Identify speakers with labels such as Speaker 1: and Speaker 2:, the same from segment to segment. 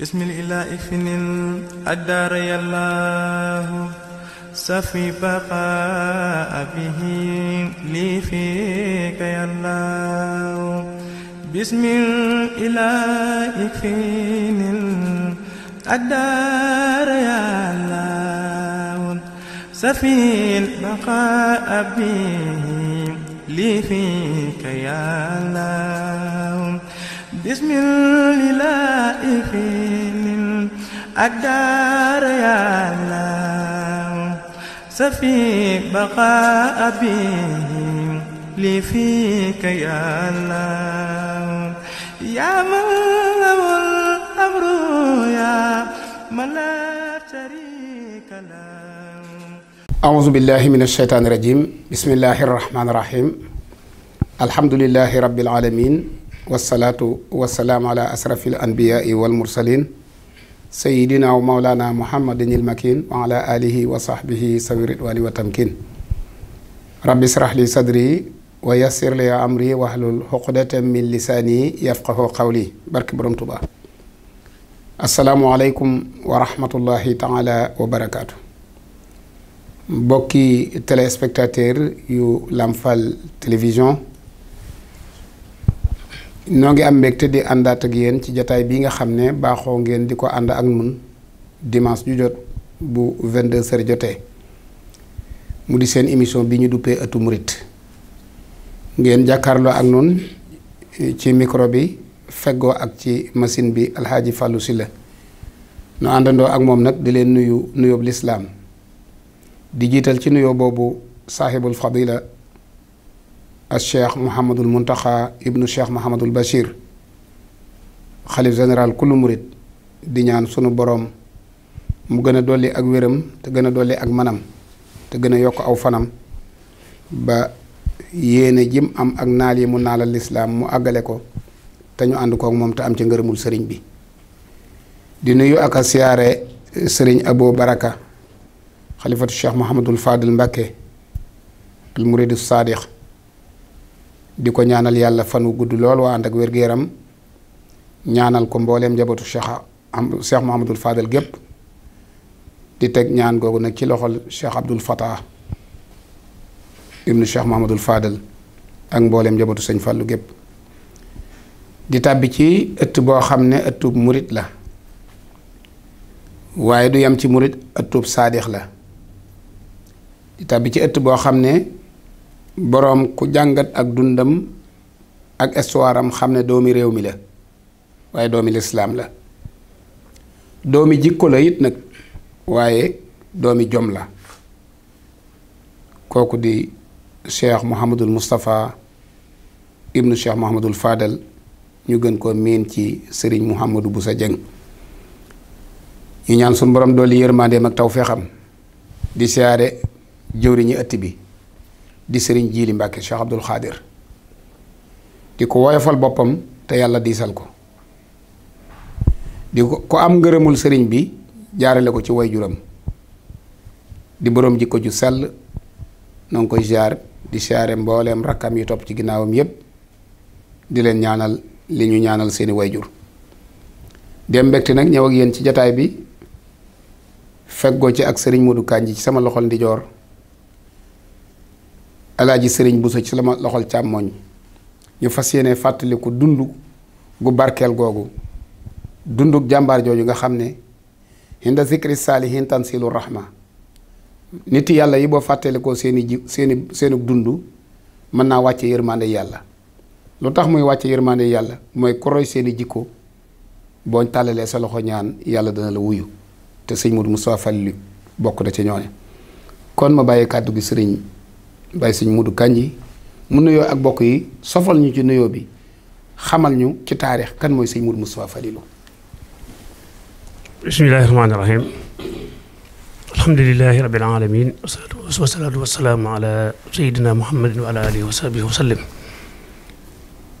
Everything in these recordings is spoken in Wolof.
Speaker 1: بسم الإلائفن الأدار يالله سفي بقاء به لي فيك يالله بسم الإلائفن الأدار يالله سفي بقاء به لي فيك يالله bismillaahi الدار يا الله سفي بقاء به لي فيك يا الله يا من له الأمر يا من لا شريك له
Speaker 2: أعوذ بالله من الشيطان الرجيم بسم الله الرحمن الرحيم الحمد لله رب العالمين wasalaatu wasalaamu ala asrafi al anbiyaai wal mursalin sayidina wa maulana muhammadin il makin wa ala alihi wa sahbihi sawi ridwani wa tamkin rabbi israh li sadri wa yassir li amri wahlul xuqdatan min lisaani yafqahu qawli barki borom Tuubaa asalaamualeykum wa rahmatullahi taala wa barakaatu mbokki téléspectateur yu Lamfal télévision noo ngi am mbégte di àndaat ak yéen ci jataay bii nga xam ne baaxoo ngeen di ko ànd ak mun dimanche ju jot bu 22h jotee mu di seen émission bi ñu duppee ëttu murit ngeen jàkkaarloo ak nun ci micro bi feggoo ak ci machine bi alxaaji Fallou Sylla nu àndandoo ak moom nag di leen nuyu nuyoob lislaam di jiital ci nuyoo boobu saaxibul fadila al cheikh Mouhamadul Muntaxa ibnu cheikh Mouhamadul Bachir xalif général kullu murit di ñaan sunu boroom mu gën a dolli ak wéram te gën a dolli ak manam te gën a yokk aw fanam ba yéene jim am ak naal yi mu naalal lislaam mu àggale ko te ñu ànd kook moom te am ci ngërëmul sëriñ bi di nuyu ak siyaare sëriñ Abo Baraka xalifatu cheikh Mouhamadul Fadil Mbacke al muridu saadiq di ko ñaanal yàlla fan wu gudd lool waa ànd ak wér yaram ñaanal ko mbooleem njabootu Cheikh am Cheikh gépp di teg ñaan googu nag ci loxol Cheikh Abdoul Fatah ibnu Cheikh Mouhamadul ak mbooleem njabootu sëñ Fallou gépp di tàbbi ci ëtt boo xam ne ëttub murit la waaye du yam ci murit ëttub saadix la di tàbbi ci ëtt boo xam ne boroom ku jàngat ak dundam ak histoire xam ne doomi réew mi la waaye doomi lislaam la doomi jikko la it nag waaye doomi jom la kooku di cheikh Mouhamadul Moustapha ibnu cheikh Mouhamadul Fadal ñu gën ko miin ci sëriñ Mouhamadou sa Dieng ñu ñaan suñu borom dooli yërmandeem ak taw feexam di siyaare jëwriñu ëtt bi di sëriñ Jiili Mbàkke Cheikh Abdul Xaadir di ko woyofal boppam te yàlla diisal ko di ko ko am ngërëmul sëriñ bi jaarale ko ci wayjuram di boroom jikko ju sell na nga koy jaar di siyaare mbooleem rakkam yi topp ci ginnaawam yépp di leen ñaanal li ñu ñaanal seeni wayjur dem mbégte nag ñëw ak yéen ci jataay bi feggoo ci ak sëriñ Modou Kandji ci sama loxol ndijoor alaaji sëriñ sa ci sama loxol càmmooñ ñu fas yéene fàttaliku dund gu barkeel googu dunduk jàmbaar jooju nga xam ne hinda zikri saalihin tansilu rahma nit yàlla yi boo fàttalikoo seeni ji seeni seeni dund mën naa wàcce yërmande yàlla lu tax muy wàcce yërmande yàlla mooy koroy seeni jikko boo tàllalee sa loxo ñaan yàlla dana la wuyu te sëñ Modou Moustapha Fall bokk na ci ñoo ñooñu kon ma bàyyi kàddu gi sëriñ bàyyi sëñ Mudu Kànji mu nuyoo ak bokk yi sofal ñu ci nuyoo bi xamal ñu ci taarix kan mooy sëñ mu Moustapha Fadilu
Speaker 3: bismillahi rahmaani rahim alhamdulilahi rabbil alamin wasalaatu wasalaamu ala sayidina muhammadin wa ala alihi wa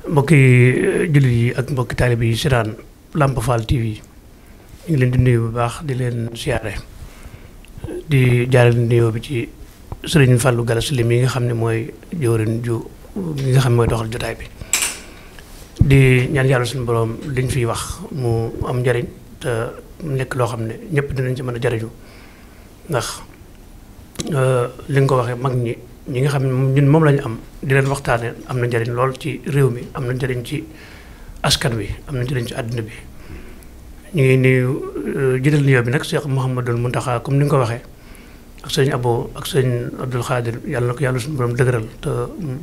Speaker 3: mbokki eh, jullit yi ak mbokki taalibe yi siraan Lamp Fall TV ñu leen di nuyu bu baax di leen siyaare di jaarale nuyoo bi ci sëriñ Fallou Gallas Lim yi nga xam ne mooy jëwriñ ju yi nga xam ne mooy doxal jotaay bi di ñaan yàlla suñu boroom liñ fiy wax mu am njariñ te nekk loo xam ne ñëpp dinañ ci mën a jariñu ndax euh, li nga ko waxee mag ñi ñi nga xam ne ñun moom lañu am di leen waxtaanee am na njariñ lool ci réew mi am na njariñ ci askan wi am na njariñ ci àdduna bi ñu ngi nuyu euh, jiital nuyoo bi nag Cheikh Mouhamadul Mountakha comme ni nga ko waxee. ak sëñ Abo ak sëñ Abdul Xaadir yàlla na ko yàlla suñu borom dëgëral te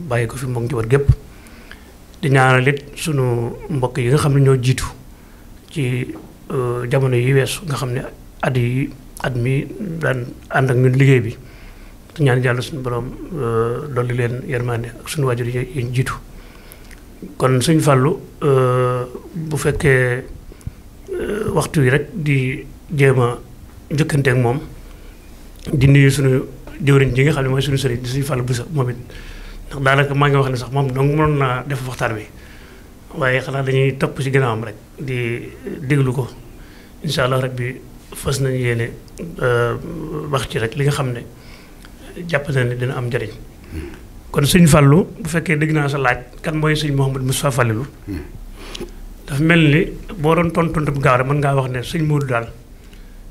Speaker 3: bàyyi ko fi mbokk njaboot gépp di ñaanal it mbokk yi nga xam ne ñoo jiitu ci euh, jamono yi weesu nga xam ne at yi mi daan ànd ak ñun liggéey bi te ñaan yàlla suñu borom euh, dolli leen yermande ak suñu waajur yi jiitu kon suñ fàllu euh, bu fekkee waxtu yi rek di jéem a njëkkante moom di suñu jëwriñ ji nga xam ne mooy suñu sëriñ di suñu fàll bu sax moom it ndax daanaka maa ngi wax ne sax moom dong mënoon naa def waxtaan wi waaye xanaa dañuy topp ci am rek di déglu ko incha allah rek bi fas nañu yéene euh, wax ci rek li nga xam ne jàpp na ne dina am njëriñ kon suñu Fallu bu fekkee dégg naa sa laaj kan mooy suñ Mouhamed Moustapha Fallilu hmm. dafa mel ni boo doon tontu bu gaaw rek mën ngaa wax ne sëñ Modou daal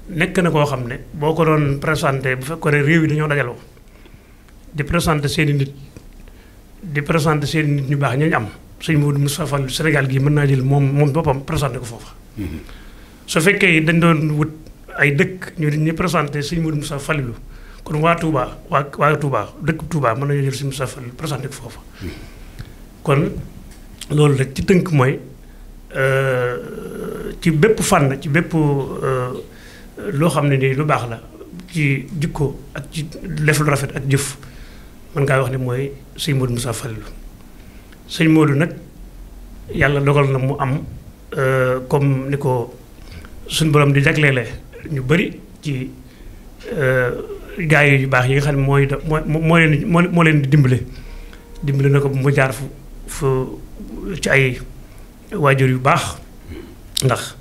Speaker 3: nekk na koo xam ne boo ko doon présenter bu fekkoon ne réew yi dañoo dajaloo di présenté seen nit di présenté seen nit ñu baax ñañ am suñu Modou Moustapha Fall Sénégal gii mën naa jël moom moom boppam présenté ko foofa. Mhm. su fekkee dañ doon wut ay dëkk ñu ñu présenté suñu Modou Moustapha Fall kon waa Touba waa waa Touba dëkk Touba mën nañoo jël suñu Moustapha Fall présenté ko foofa. Mhm. kon loolu rek ci tënk mooy euh, ci bépp fànn ci bépp. Euh, loo xam ne nii lu baax la ci jikko ak ci def lu rafet ak jëf mën ngaa wax ne mooy sëñ Modou Moussa Falilou sëñ Modou nag yàlla dogal na mu am euh, comme ni ko suñ borom di jagleele ñu bari ci euh, gars yu baax yi nga xam ne mooy moo moo leen moo leen di dimbale dimbale na ko mu jaar fu fu ci ay waajur yu baax ndax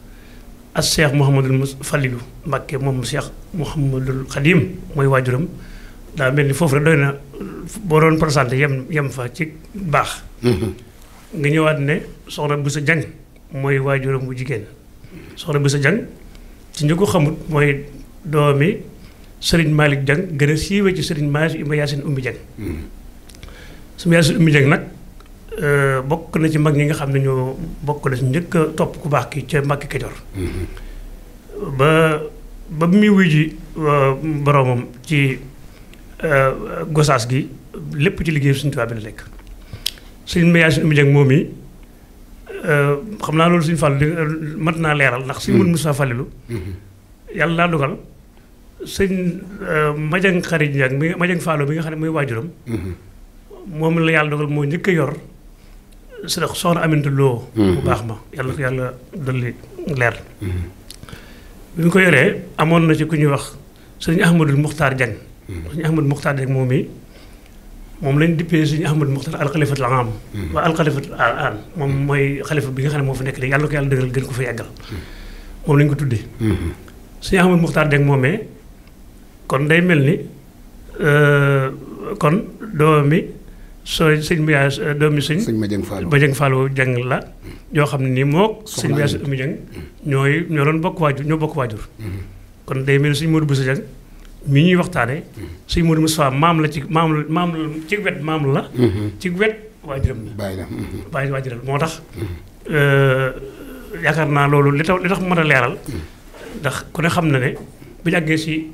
Speaker 3: ak cheikh Mouhamadul Mus Falilu Mbàkke moom cheikh Mouhamadul Xadim mooy waajuram daa mel ni foofu rek doy na boo doon présenté yem yem fa ci baax. Mhm. nga ñëwaat ne soxna bu sa jàng mooy waajuram bu jigéen soxna bu sa jàng ci ñu ko xamut mooy doomi Serigne Malick Jàng gën a siiwee ci Serigne Malick Ibrahima Yacine Oumy Jàng. su ma Yacine Oumy Jàng nag. Euh, bokk na ci mag ñi nga xam ne ñoo bokk na ci njëkk a topp ku baax ki ca Mbàkke Kajoor mm-hmm. ba ba muy wuy ji boromam ci euh, gosaas gi lépp ci liggéey suñ Tuubaa bi la nekk Sëñ Mayaasin Umi euh, xam naa loolu Sëñ Fallu naa leeral ndax Sëñ Mun mm-hmm. Musaa Fallilu mm-hmm. yàlla laa dugal sëñ Majang Xari Jeng Majang Fallu bi nga xam ne mooy waajuram moom la yàlla dogal moo njëkk yor sëñ soxna Aminata mm-hmm. bu baax ma yàlla yàlla dolli leer. Mm-hmm. bi ñu ko yoree amoon na ci ku ñuy wax sëñ Ahmadul Muxtaar Diagne. Mm-hmm. sëñ Ahmadul Muxtaar Diagne moom i moom lañ dippee sëñ Ahmadul Muxtaar alxalifatul aam. moom mooy xalifa bi nga xam ne moo fa nekk léegi yàlla ko yàlla dëgëral ko fa yàggal. moom lañ ko tuddee. sëñ Ahmadul Muxtaar Diagne moomee kon day mel ni euh, kon doomi soo sëñ Mbiya euh, doomi sëñ ba jëng Fallou jëng la yoo xam ne nii mook sëñ Mbiya si ëmmi jëng ñooy ñoo doon bokk waajur ñoo bokk waajur mm-hmm. kon day mel ni sëñ Modou Bousso Dieng mi ñuy waxtaane mm-hmm. sëñ Modou Moustapha maam la ci maam la maam la ci wet maam la mm-hmm. ci wet waajuram la bàyyi waajuram moo tax euh, yaakaar naa loolu li tax li tax mën a leeral ndax ku ne xam na ne bu ñu si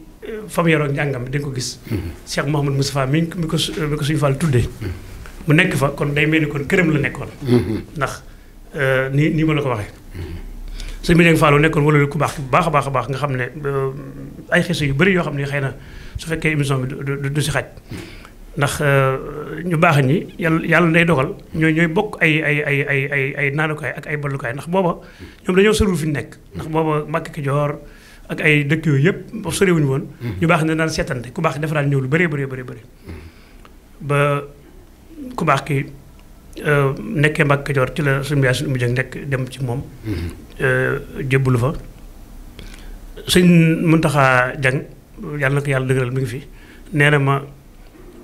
Speaker 3: fa mu yoroon njàngam di nga ko gis. Mhm. Cheikh Mouhamadou Moustapha mi mi ko mi ko suñu Fall tuddee. Mhm. mu nekk fa kon day mel ni kon këram la nekkoon. Mhm. ndax euh, ni nii ma la ko waxee. su bi Fall la nekkoon wala ku baax bu baax a baax baax nga xam ne euh, ay xese yu bari yoo xam ne xay na su fekkee émission bi du du si xaj. ndax euh, ñu baax ñi yàlla yàlla day dogal ñooy ñooy bokk ay ay ay ay ay ay naanukaay ak ay ballukaay ndax booba ñoom dañoo soriwul fi ñu nekk. ndax booba Mbàkke Kajoor ak ay dëkk yooyu yëpp sorewuñu woon. Hmm. ñu baax ne daan seetante ku baax defaraan ñëw lu bëree bëree bëri. ba ku baax ki euh, nekkee Mbàkke Kajoor ci la suñu Yaasin Umu Jëng nekk dem ci moom. Hmm. Euh, jébbalu fa. sëñ Muntaxa Jang yàlla na yàlla dëgëral mi ngi fi nee ma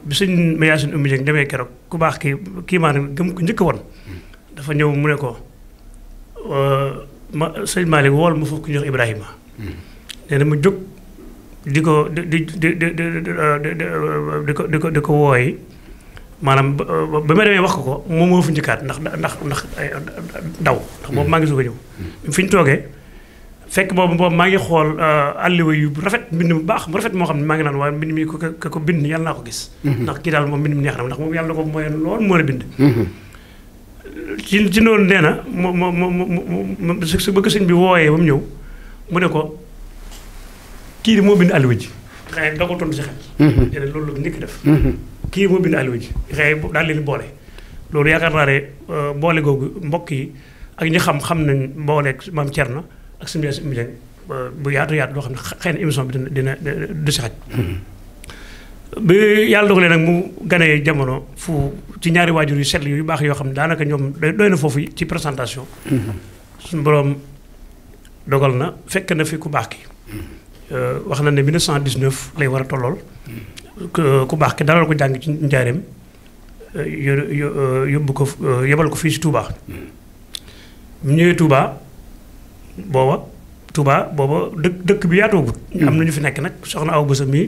Speaker 3: bi sëñ Yaasin Umu Jëng demee keroog ku baax ki kii maanaam gëm ku njëkk woon. Hmm. dafa ñëw mu ne ko euh, ma sëñ Malick wool ma foofu ku ñuy Ibrahima. nee na mu jóg di ko di di ko di ko di ko wooyi maanaam ba ma demee wax ko ko moom moo fi njëkkaat ndax ndax ndax daw ndax boobu maa ngi soog a ñëw hmm. fi ñu toogee fekk boobu boobu maa ngi xool euh, àlliwa yu rafet mbind mu baax mu rafet moo xam ne maa ngi naan waaye mbind mi ko ko ko bind yàlla ko gis hmm. ndax kii daal moom mbind mi neex na ndax moom yàlla ko mooy lool moo la bind hmm. ci ci noonu nee na moom moom mu mu su bëgg sëñ bi wooyee ba mu ñëw mu ne ko kii de moo bind alluwa ji xëy na da ko si xel. Mhm. nee loolu la njëkk def. Mhm. kii moo bind alluwa ji xëy daal leen boole. loolu yaakaar naa ne euh, boole googu mbokk yi ak ñi xam xam nañ mbooleeg maam na ak suñu euh, yaay bu yaatu yaatu loo xam ne xëy na émission bi dina dina du si xaj. Mhm. bi yàlla dogalee nag mu ganee jamono fu ci ñaari waajur yu seetlu yu baax yoo xam ne daanaka ñoom doy na foofu ci présentation. suñu borom dogal na fekk na fi ku baax ki Euh, wax na ne 1919 lay war a tollool ku baax ki dalal ko jàng ci njaareem euh, euh, yóbbu ko yebal ko fii si Touba mu ñëwee Touba booba Touba booba dëkk dëkk bi yaatoogut hmm. am na ñu fi nekk nag soxna aw bësa mii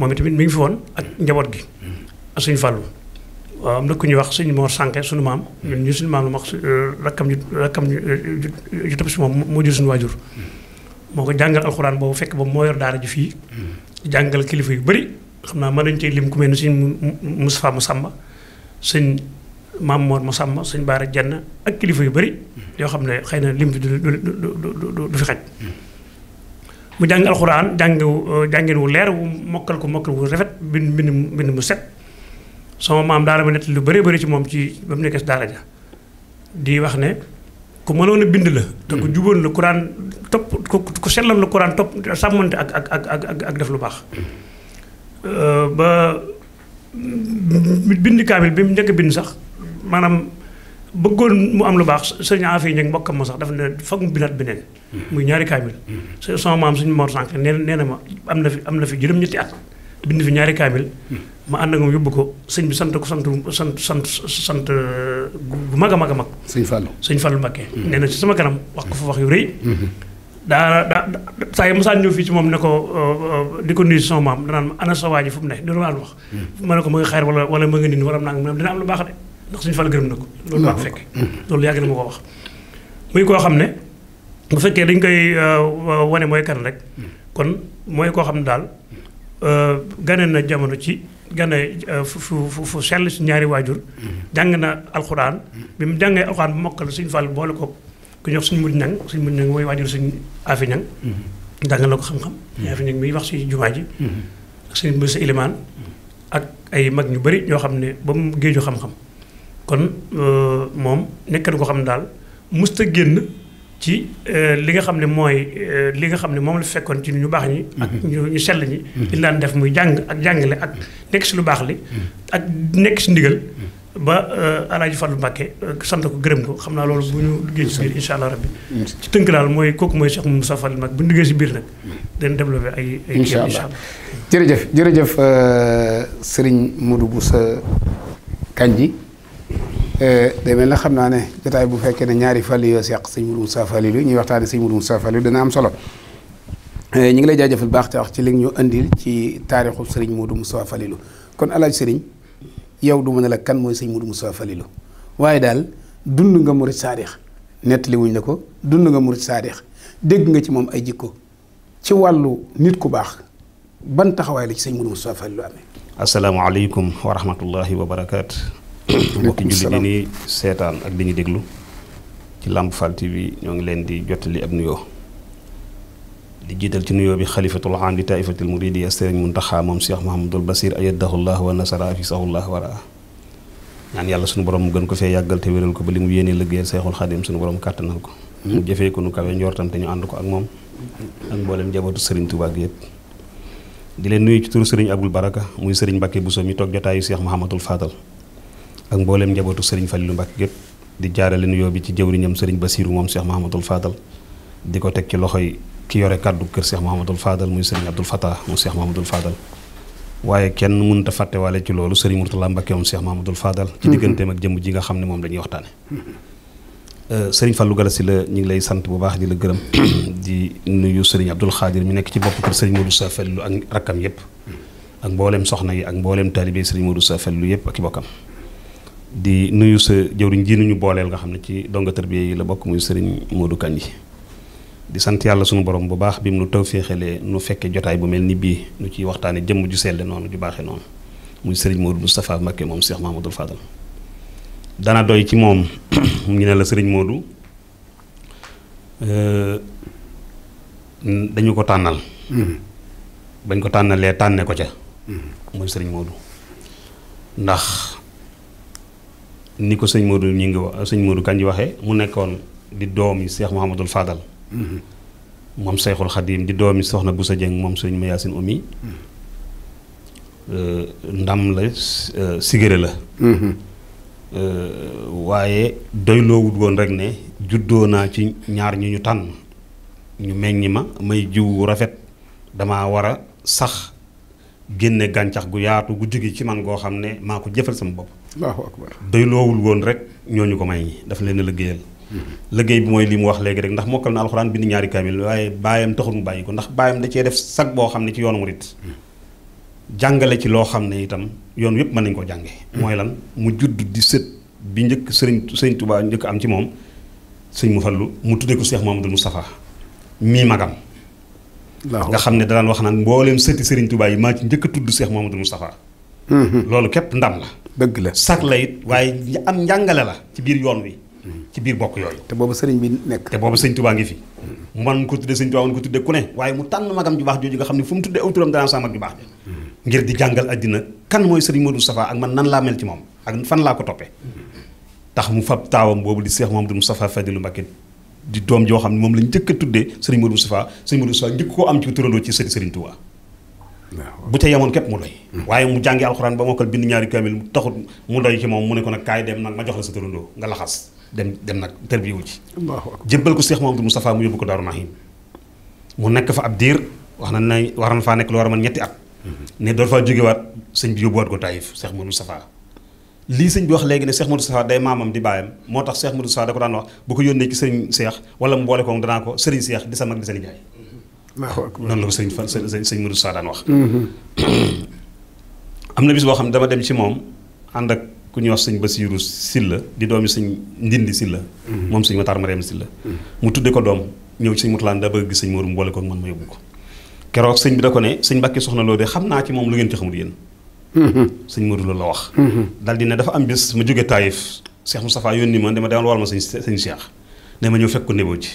Speaker 3: moom itamit mi ngi fi woon ak njaboot gi hmm. ak suñu fàllu waaw am ñuy wax suñu Mor Sànke suñu maam hmm. ñun ñu suñu maam la wax rakkam ñu rakkam ñu topp si moom moo jur suñu waajur moo ko jàngal alxuraan boobu fekk ba moo yor daara ji fii jàngal kilifa yu bari xam naa mën nañ cee lim ku mel ni sëñ Moustapha Massamba sëñ sëñ Baara Jenn ak kilifa yu bëri yoo xam ne xëy na lim bi du du du du mu euh, wu leer mokkal ko mokkal wu rafet bind mbind mbind mu set sama maam daana ma nett lu bëree bëri ci moom ci ba mu nekkee daara ja di wax ne ku mënoon bind la. te ku hmm. juboon la ku daan topp ku selloon la ku daan topp sàmmante ak ak ak ak ak def lu baax. Euh, ba bind kaamil bi mu njëkk bind sax maanaam bëggoon mu am lu baax sëñ Afia Ñaŋ mbokkam ma sax dafa ne foog mu bindaat beneen. Hmm. muy ñaari kaamil. Hmm. sama maam suñu Mor Sànq nee na nee na ma am na fi am na fi juróom-ñetti at bind fi ñaari kaamil. ma ànd ak moom yóbbu ko sëñ bi sant ko sant sant sant sant euh, bu mag a mag a mag. sëñ Fallou sëñ Fallou Mbacké. Mm-hmm. nee na ci sama kanam wax ko fa wax yu rëy. Mm-hmm. daa daa saa yi mosaan ñëw fii ci moom ne ko euh, euh, di ko nuyu sama maam danaan ana sa waa ji fu ne dina wax. Mm-hmm. ma ne ko ma nga wala wala ma nga nii wala am naa dina am lu baax de ndax suñu Fall gërëm na ko. loolu baax fekk loolu yàgg na ma ko wax. muy koo xam ne bu fekkee dañ koy wane mooy kan rek kon mooy koo xam ne daal gane na jamono ci. gane euh, fu fu fu sell si ñaari waajur mm-hmm. jàng na alxuraan mm-hmm. bi mu jàngee alxuraan bu mokkal suñ fàll boole ko ku ñuy suñu suñ mujj suñu suñ mujj nang mooy waajur suñ afi nang mm-hmm. jàng la ko xam-xam afi nang miy wax si jumaa ji ak suñ bu sa ilimaan ak ay mag ñu bari ñoo xam ne ba mu géeju xam-xam kon euh, moom nekk na ko xam ne daal musta génn ci euh, li nga xam ne mooy euh, li nga xam ne moom lu fekkoon ci ñu baax ñi. ak mhm. ñu ñu sell ñi. li mhm. daan def muy jàng ak jàngale ak mhm. nekk si lu baax li. ak nekk si ndigal. ba euh, Alaaji lu Mbàkke sant ko gërëm ko xam naa loolu bu ñu liggéey si biir incha allah rabbi tënk daal mooy kooku mooy Cheikh Moussa Fall mag bu ñu liggéey si biir nag dañ développé ay ay incha allah
Speaker 2: jërëjëf jërëjëf Serigne Modou Boussa Kandji Eh, day mel na xam naa ne jotaay bu fekkee ne ñaari fàll yoo seq sëñ Mourou Moussa Fallilu ñuy waxtaane sëñ Mourou Moussa Fallilu dana am solo eh, ñu ngi lay jaajëfal baax te wax ci li ñu indi ci taarixu sëriñ Mourou Moussa Fallilu kon alaaj sëriñ yow du ma ne la kan mooy sëñ Mourou Moussa Fallilu waaye daal dund nga murit saadix nettaliwuñ wuñ la ko dund nga murit saadix dégg nga ci moom ay jikko ci wàllu nit ku baax ban taxawaay la ci sëñ Mourou Moussa Fallilu
Speaker 4: amee mbokki julli di ni seetaan ak di ñu déglu ci Lamp Fall bi ñoo ngi leen di jottali ab nuyoo di jiital ci nuyoo bi xalifatul aam di taifatil muridi sëriñ Muntaxa moom Cheikh Mahamadul Basir ayadahu llah wa nasara afisahu llah wara ñaan yàlla suñu borom mu gën ko fee yàggalte te wéral ko ba li mu yéene liggéeyal Seexul Xadim suñu borom kàttanal ko mu jëfee ko nu kawe njortam te ñu ànd ko ak moom ak mboolem njabootu sëriñ Tuubaa gi yëpp di leen nuyu ci turu sëriñ Abdul Baraka muy sëriñ Mbàkke Buso mi toog jotaayu Cheikh Mahamadul Fadal ak mbooleem njabootu sëriñ Falilou Mbacke gépp di jaarale nuyoo bi ci jëwriñam sëriñ Basiiru moom Cheikh Mahamadoul Fadal di ko teg ci loxoy ki yore kàddu kër Cheikh Mahamadoul Fadal muy sëriñ Abdoul Fatah moom Cheikh Mahamadoul Fadal waaye kenn mënut a fàttewaale ci loolu sëriñ Mourtala Mbacke moom Cheikh Mahamadoul Fadal ci mhm. digganteem ak jëmm ji nga xam ne moom la ñuy waxtaane mhm. euh, sëriñ Fallou Galassi la ñu ngi lay sant bu baax di la gërëm di nuyu sëriñ Abdoul Khadir mu nekk ci bopp kër sëriñ Modou Sa Falilou ak rakkam yëpp mhm. ak mbooleem soxna yi ak mbooleem taalibe sëriñ Modou Sa Falilou yëpp ak i bokkam di nuyu sa jëwriñ nu ñu booleel nga xam ne ci donga tarbiya yi la bokk muy sëriñ Modou Kandji di sant yàlla sunu borom bu baax bi mu nu tawféexalee nu fekkee jotaay bu mel ni bii nu ciy waxtaane jëmm ju selle noonu ju baaxee noonu muy sëriñ Modou Moustapha Mbacké moom Cheikh Mahamadoul Fadal dana doy ci moom ñu ne la sëriñ Modou euh, dañu ko tànnal mm-hmm. bañ ko tànnalee tànne ko ca mm-hmm. muy sëriñ Modou ndax ni ko sëñ Modou ñu ngi wax sëñ Modou Kandji waxee mu nekkoon di doom doomi Cheikh Mouhamadul Fadal. Mm-hmm. moom Cheikhul Khadim di yi Soxna bu sa jëng moom sëñ Ma Yaasin Oumy. Mm-hmm. Euh, ndam la euh, sigare la. Mm-hmm. Euh, waaye doyloowut woon rek ne juddoo naa ci ñaar ñu ñu tànn ñu meññ ma may jiwu rafet dama war a sax génne gàncax gu yaatu gu jóge ci man goo xam ne maa ko jëfal sama bopp. allahu akbar woon rek ñoo ñu ko may ñi daf leen a liggéeyal mhm. bi mooy li mu wax léegi rek ndax mokkal na alxuraan bind ñaari kaamil waaye baayam taxul mu bàyyi ko ndax baayam da cee def sag boo xam ne ci yoonu murit mhm. jàngale ci loo xam ne itam yoon yëpp mën nañ ko jànge mhm. mooy lan mu judd di sët bi njëkk sëriñ sëriñ Tuubaa njëkk am ci moom sëñ mu fallu mu tuddee ko Cheikh Mamadou Moustapha mii magam nga xam ne danaan wax naan mbooleem sëti sëriñ Tuubaa yi maa ci njëkk a tudd Cheikh Mamadou Moustapha loolu képp ndam la dëgg la sag la it waaye am njàngale la ci biir yoon wi ci biir bokk yooyu te boobu sëriñ bi nekk te boobu sëriñ Tuubaa ngi fi man ko tudde sëriñ Tuubaa man ko ku waaye mu tànn magam ju baax jooju nga xam ne fu mu tudde aw turam danaa sa baax ngir di jàngal àddina kan mooy sëriñ Modou Moustapha ak man nan laa mel ci moom ak fan laa ko toppee tax mu fab taawam boobu di seex moom du Cheikh Mamadou Moustapha lu Mbacké di doom joo xam ne moom la njëkk a tudde sëriñ Modou Moustapha sëriñ Modou Moustapha njëkk koo am ci turandoo ci sëriñ Tuubaa bu ca yemoon képp mu doy waaye mu jàngi alxuraan ba mokkal bind ñaari kaamil taxut mu doy ci moom mu ne ko nag kaay dem nag ma jox la sa turandoo nga laxas dem dem nag tërbiye wu ci jébbal ko Cheikh Mamadou Moustapha mu yóbbu ko Daaru Nahim mu fa ab diir wax na ne faa nekk lu war ñetti at mhm. ne doon faa jógewaat sëñ bi yóbbuwaat ko Taïf Cheikh Mamadou Moustapha lii sëñ bi wax léegi ne Cheikh Mamadou Moustapha day maamam di bàyyam moo tax Cheikh Mamadou Moustapha da ko daan wax bu ko yónnee ci sëriñ seex wala mboole boole ko danaa ko sëriñ Cheikh di sa mag di sa nijaay noonu la ko sëñ fan sëñ sëñ Modou Sa daan wax. Mm-hmm. am na bis boo xam ne dama dem ci moom ànd ak ku ñuy wax sëñ Basiiru Silla di doomi sëñ Ndindi Silla. Mm-hmm. moom sëñ Matar Mariam Silla. Mm-hmm. mu tudde ko doom ñëw ci sëñ Mutalaan daa bëgg gis sëñ Modou mu boole ko man ma yóbbu ko. keroog sëñ bi da ko ne sëñ Mbàkke soxna loo de xam naa ci moom lu ngeen ci xamul yéen. sëñ Modou loolu la wax. dal di ne dafa am bis ma jóge Taïf Cheikh Moustapha yónni ma dama demal wal ma sëñ sëñ Cheikh ne ma ñëw fekk ko neboo ci.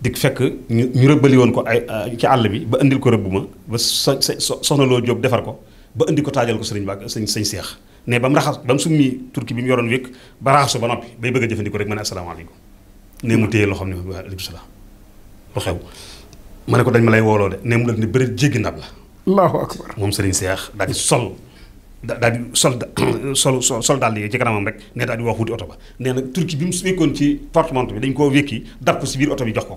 Speaker 4: di fekk ñu ñu rëbbali woon ko ay ci àll bi ba indil ko rëbb ma ba so soxna loo Jóob defar ko ba indi ko taajal ko sëriñ Ba sëñ sëñ Seex ne ba mu raxas ba mu summi turki bi mu yoroon wékk ba raxasu ba noppi bay bëgg a jëfandikoo rek ma ne asalaamaaleykum ne mu téye loo xam ne wa aleykum salaam lu xew ma ne ko dañ ma lay wooloo de ne mu la ne bëri jéggi ndab la allahu akbar moom sëriñ Seex daal di sol daal di sol sol sol dàll yi ci kanamam rek ne daal di wax wuti oto ba nee na turki bi mu wékkoon ci portemonte bi dañ koo wékki dar ko si biir oto bi jox ko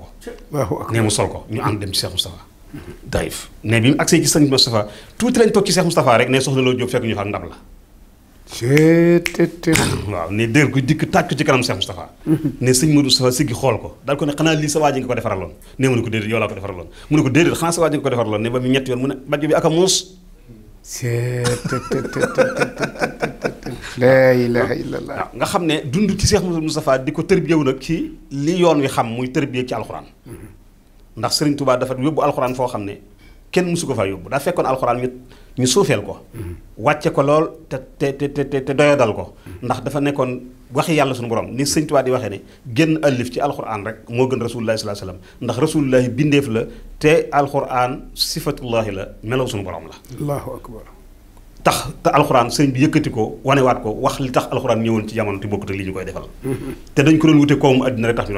Speaker 4: ko nee ko ñu dem ci Cheikh Moustapha daif ne bi mu agsee ci sëñ Moustapha tuuti lañ toog ci Cheikh Moustapha rek ne soxna loo jóg fekk ñu xam ndam la waaw ne dër ko dikk taaj ko ci kanam Cheikh Moustapha ne sëñ Modou Moustapha siggi xool ko daal ko ne xanaa lii sa waa ji nga ko defaraloon ne mu ne ko déedéet yow laa ko defaraloon mu ne ko déedéet xanaa sa waa ji nga ko defaraloon ne ba mu ñetti yoon mu la ilaha illallah nga xam ne dund ci Cheikh Mouhamadou Moustapha di ko tërbiyewu nag ci li yoon wi xam muy tërbiye ci alxuraan ndax Serigne Touba dafa yóbbu alxuraan foo xam ne kenn mësu ko faa yóbbu daa fekkoon alxuraan ñu ñu suufeel ko mm-hmm. wàcce ko lool te te te te doyadal ko mm-hmm. ndax dafa nekkoon waxi yàlla suñu borom ni sëñ Tuubaa di waxee ne génn allif ci alxuraan rek moo gën rasulullahi salaa salaam ndax rasulullahi bindeef la te alxuraan sifatullahi la melaw suñu borom la
Speaker 5: allahu akbar
Speaker 4: tax te alxuraan sëñ bi yëkkati ko wanewaat ko wax li tax alxuraan ñëwoon ci jamono te bokkut ak li ñu koy defal mm-hmm. te dañ ko doon wute koomu àddina rek tax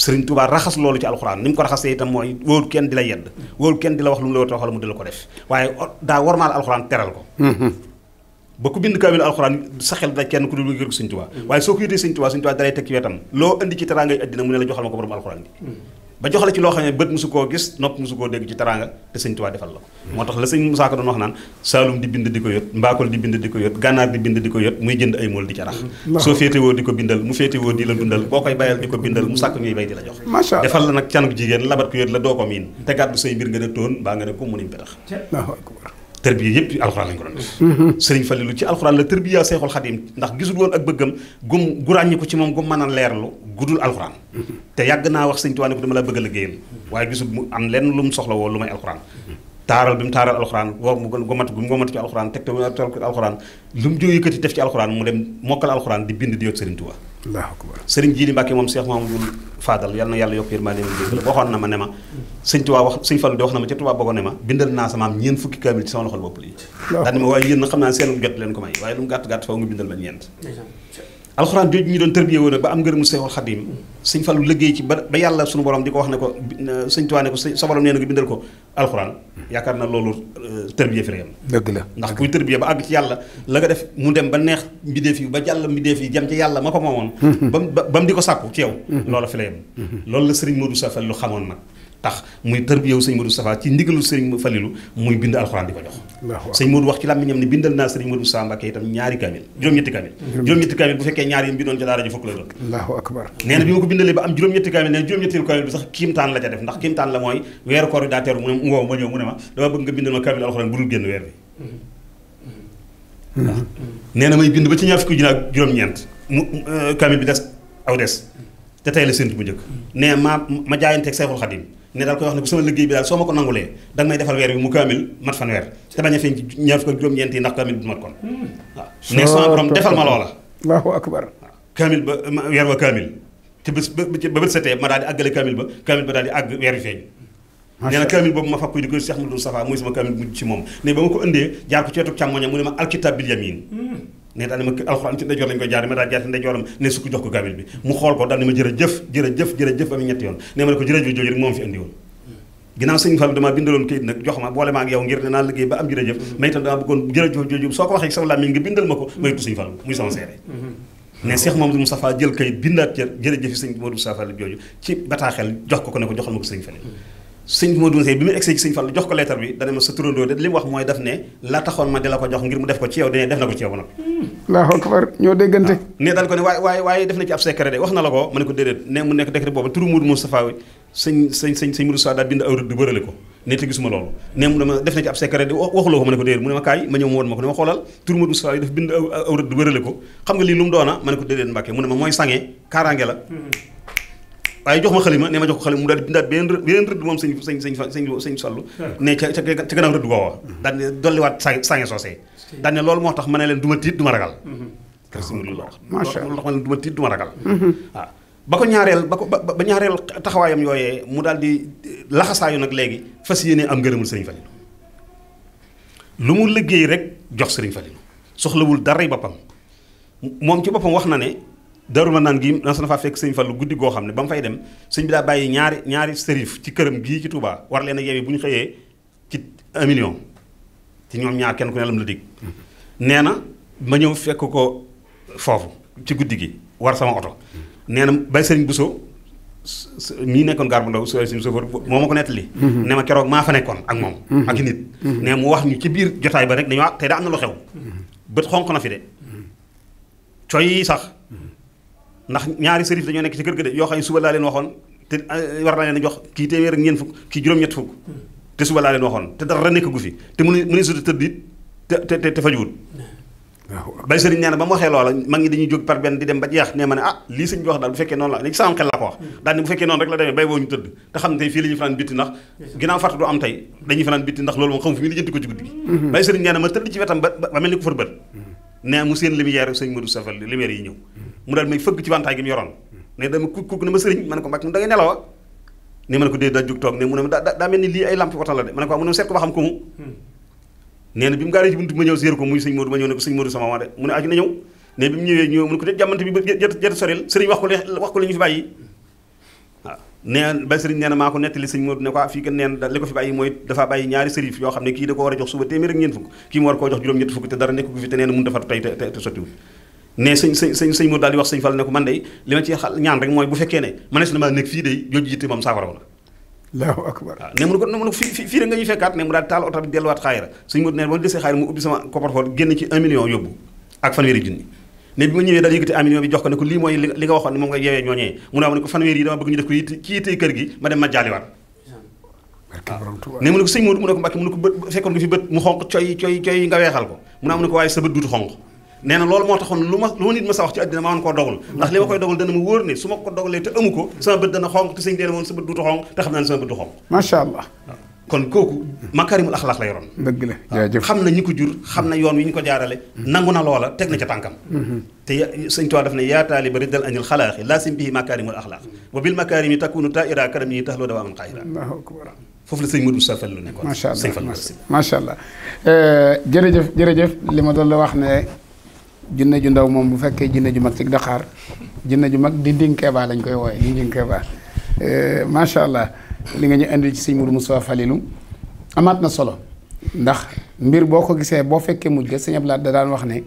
Speaker 4: sëriñ Tuubaa raxas loolu ci alxuraan ni mu ko raxasee itam mooy wóorul kenn di la yedd wóorul kenn di la wax lu mu la war a wax wala mu di la ko def waaye daa warmaal alxuraan teral ko mm-hmm. ba ku bind kaamil alxuraan sa xel da kenn ku dul nga gërëm sëñ Tuubaa waaye soo ko yitee sëñ Tuubaa sëñ Tuubaa dalay teg ci wetam loo indi ci teraangay àddina mu ne la joxal ma ko borom alxuraan bi ba jox la ci loo xam ne bët musu koo gis nopp musu koo dégg ci teraanga te sëñ Tuubaa defal la ko hmm. moo tax la sëñ Musaa Ka doon wax naan saalum di bind di ko yot mbaakol di bind di ko yot gànnaar di bind di ko yot muy jënd ay mool di ca rax hmm. soo féetewoo di ko bindal mu féetewoo di la dundal boo koy bayal di ko bindal mu sàkk ñuy bay di la jox defal la nag canuk jigéen labat ko yot la doo ko miin tegaat bu say mbir nga ne tóon mbaa nga tërbiya yëpp ci alxuraan lañ ko doon def mhm. sëriñ Falilu ci alxuraan la tërbiya seexul xadim ndax gisul woon ak bëggam gum gu ràññi ko ci moom gum mën a leerlu gudul alxuraan mhm. te yàgg naa wax sëñ Tuubaa ne ko dama la bëgg a liggéeyam waaye gisul mu am lenn lu mu soxla woo lu may alxuraan mhm. taaral bi mu taaral alxuraan woo mu gomatu bi mu gomatu ci alxuraan teg te alxuraan lu mu jógee yëkkati def ci alxuraan mu dem mokkal alxuraan di bind di yot sëriñ Tuubaa allahu akbar sëriñ Jiili Mbàkke moom Cheikh Mamadou Fadal yal na yàlla yokk yërmande mu jéggal waxoon na ma ne ma sëñ Tuubaa wax sëñ Fallu di wax na ma ca Tuubaa bogo ne ma bindal naa sama maam ñeent fukki kaamil ci sama loxol bopp lii daal ma waaye yéen na xam naa seen jot leen ko may waaye lu mu gàtt gàtt faw nga bindal ma ñeent alxuraan jooju ñu doon tërbiyee woon ba am ngërëmu Seexul Xadiim sëñ Fallu liggéey ci ba ba yàlla suñu borom di ko wax ne ko sëñ Tuubaa ne ko sa borom nee na bindal ko alxuraan yaakaar na loolu euh, tërbiyee fi la yem dëgg la ndax kuy tërbiyee ba àgg ci yàlla la nga def mu dem ba neex mbindeef yi ba jàll mbindeef yi jëm ci yàlla ma ko moomoon hmm. ba mu di ko sàkku ci yow hmm. loola fi la
Speaker 5: hmm.
Speaker 4: la sëriñ Modou Sa Fallu xamoon nag tax muy tarbiya wu ma Modou Moustapha ci ndigalu sëriñ Falilou muy bind alxuraan di ko
Speaker 5: jox
Speaker 4: sëñ wax ci làmmiñam ne bindal naa sëriñ Modou Moustapha Mbacké itam ñaari kaamil juróom kaamil juróom-ñetti kaamil la doon Allahu akbar nee na bi ma ko bindalee am juróom-ñetti kaamil nee na juróom-ñetteelu kaamil bi sax kiimtaan la ca def ndax kiimtaan la mooy weeru koor bi daa teeru mu ne mu woo ma ñëw mu ne ma dama bëgg nga bindal ma kaamil alxuraan bu dul génn weer bi
Speaker 5: mm-hmm. nee na may
Speaker 4: bind ba ci ñaar fukki junni ak juróom-ñeent mu euh, kaamil bi des aw des te tey la séntu bu njëkk mm-hmm. nee ma ma jaayanteeg Seexul Xadim ne daal koy wax ne bu sama liggéey bi daal soo ma ko nangulee da nga may defal weer bi mu kaamil mat fan weer hmm. te bañ a feeñ ñaar fukk ak juróom-ñeent yi ndax kaamil bi mat kon
Speaker 5: hmm. waaw
Speaker 4: ne sama borom defal ma loola ba weer wa kaamil te bés ba bët ma daal di àggale kaamil ba kaamil ba daal di àgg weer wi feeñ nee na kaamil boobu ma fakku di ko Cheikh Amadou Safa mooy sama kaamil mujj ci moom ne ba ma ko ëndee jaar ko ci càmmoñam mu ne ma alkitab bil ne daal ne ma alxuraan ci ndeyjoor lañ koy jaar ma daal jaar ci ndeyjooram ne sukk jox ko kaamil bi mu xool ko daal ne ma jërëjëf jërëjëf jërëjëf ba mu ñetti yoon ne ma ne ko jooju jox mm-hmm. ko waxee sama làmmiñ nga mm-hmm. ci bataaxel jox ko ko ne ko joxal ma ko sëñ Fall mm-hmm. sëñ bi ma dun see bi mu egsee ci sëñ Fallu jox ko leetar bi dana ma sa turandoo de li mu wax mooy daf ne la taxoon ma di la ko jox ngir mu def ko ci yow dane def na ko ci ah, ab secret de la ko ma ne ko déedéet ne mu nekk décret de waxuloo ko ma ne ko déedéet mu ne ma kaay ma ñëw ma woon ma ko ne ma xoolal turu Moudou Moustapha wi daf bind aw rëdd bërale ko xam nga lii lu doona ah, ma ne ko déedéet Mbàkke mu ne ma mooy sange kaaraange la
Speaker 5: mm-hmm.
Speaker 4: waaye jox ma xalima ne ma jox ko xalima mu daal di bindaat beneen beneen rëdd moom sëñ sëñ sëñ sëñ ne ca ca gannaaw rëdd goowa hmm. daal ne dolliwaat saa saa nge soosee loolu moo tax ma ne leen du ma tiit du ma ragal hmm. loolu tax ma leen du ma tiit du ma ragal hmm. ba ko ñaareel ba ko ba ñaareel taxawaayam yooyee mu daal di eh, laxasaayu nag léegi fas yéene am ngërëmul sëriñ Fallu lu mu liggéey rek jox sëriñ Fallu soxlawul daray boppam moom ci boppam wax na ne Daaru Manaan gi na sa na faa fekk sëñ Fallu guddi goo xam ne ba mu fay dem sëñ bi daa bàyyi ñaari ñaari sërif ci këram gii ci Touba war leen a yeewi bu ñu xëyee ci un million ci ñoom ñaar kenn ku ne lam la dig nee na ma ñëw fekk ko foofu ci guddi gi war sama oto nee na bay sëriñ Bousso mii nekkoon gaar bu ndaw su suñu chauffeur moo ma ko nettali mhm. ne ma keroog maa fa nekkoon ak moom mhm. ak nit mhm. ne mu wax ñu ci biir jotaay ba rek dañu wax tey am na lu xew xonq na fi de ndax ñaari sërif dañoo nekk ci kër ga de yoo xam ne suba laa leen waxoon te euh, war naa leen jox kii téeméer ak ñeent fukk kii juróom-ñett fukk hmm. te suba laa leen waxoon te dara nekk gu fi te mënu mënu suta tëdd te te fajuwut bay sëriñ nee ba mu waxee loola mag ñi dañuy jóg par benn di dem ba jeex ne ma ne ah lii sëñ bi wax daal bu fekkee noonu la li ci xel la ko wax hmm. daal ne bu fekkee noonu rek la demee bay boo ñu tëdd te xam ne tey fii la hmm. gi bay sëriñ nee na ma tëdd ci wetam ba ba mel mu daal may fëgg ci wantaay gi mu yoroon ne dama ku ku ne ma sëriñ ma ko mbàkk mu da nelaw ne ma ne ko dee daa jóg toog ne mu ne mu ne mu ne ko sëñ Modou sama waa sëriñ wax ko li fi bàyyi waaw ba sëriñ nee maa ko nettali sëñ Modou ne ko ah fii kat neen li ko fi bàyyi mooy dafa bàyyi ñaari sërif yoo xam ne kii da ko war a jox suba téeméer ak ñeent fukk kii mu war koo jox juróom-ñett fukk te dara nekk ko fi te nee mun ne sëñ sëñ sëñ sëñ mu daal di wax sëñ Fall ne ko man de li ma ci ñaan rek mooy bu fekkee ne ma ne su ma nekk fii ko Mbàkke mu ne ko bët fekkoon nga fi bët mu xonq coy coy coy nga weexal ko mu ne am ne ko waaye sa bët duutu xonq nee na loolu moo tax lu lu ma nit ma sa wax ci àddina ma mën koo dogal ndax li ma koy dogal dana ma wóor ne su ma ko dogalee te amu ko sama bët dana xonq te sëñ dee woon te xam naa ne sama bët du xonq macha allah kon kooku makaarimul axlaaq la yoroon
Speaker 2: dëgg la jaajëf xam na ñi
Speaker 4: ko jur xam na yoon wi ñu ko jaarale mm-hmm. nangu na loola teg na ca tànkam mm-hmm. te sëñ daf ne yaa taaliba riddal anil xalaaxi laasim bihi makaarimul axlaaq mm-hmm. wa bil makaarimi takunu taira karam yi taxloo dawaaman xaayira foofu la sëñ Modou Moussa Fall lu nekkoon
Speaker 2: macha allah macha allah eh, jërëjëf jërëjëf li ma doon la wax ne jinne ju ndaw moom bu fekkee jinne ju mag ci Dakar jinne ju mag di ndinkeebaa lañ koy wooye di ndinkeebaa euh, macha allah li nga ñu indil ci sëñ Mourou Moustapha Falilou amaat na solo ndax mbir boo ko gisee boo fekkee mujj ga sëñ Abdou Lahad da daan wax ne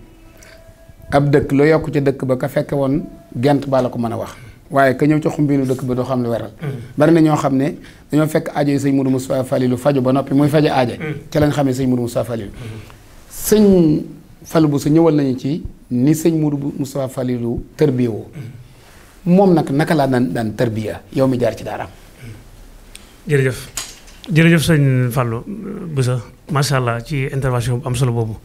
Speaker 2: ab dëkk lu yokk ca dëkk ba ka fekke woon gent baa la ko mën a wax waaye ka ñëw ca xumbiinu dëkk ba doo xam lu weral mm. bari na ñoo xam ne dañoo fekk aajo yi sëñ Mourou Moustapha Falilou faju ba noppi muy faje aaje mm. ca lañ xamee sëñ Mourou Moustapha Falilou mm. fal Fallou Bousso ñëwal nañu ci ni sëñ Moudou Moustapha Falilou tërbiya woo moom nag naka laa daan daan tërbiya yow mi jaar ci daaraam.
Speaker 3: jërëjëf jërëjëf sëñ Fallou Bousso macha allah ci intervention bu am solo boobu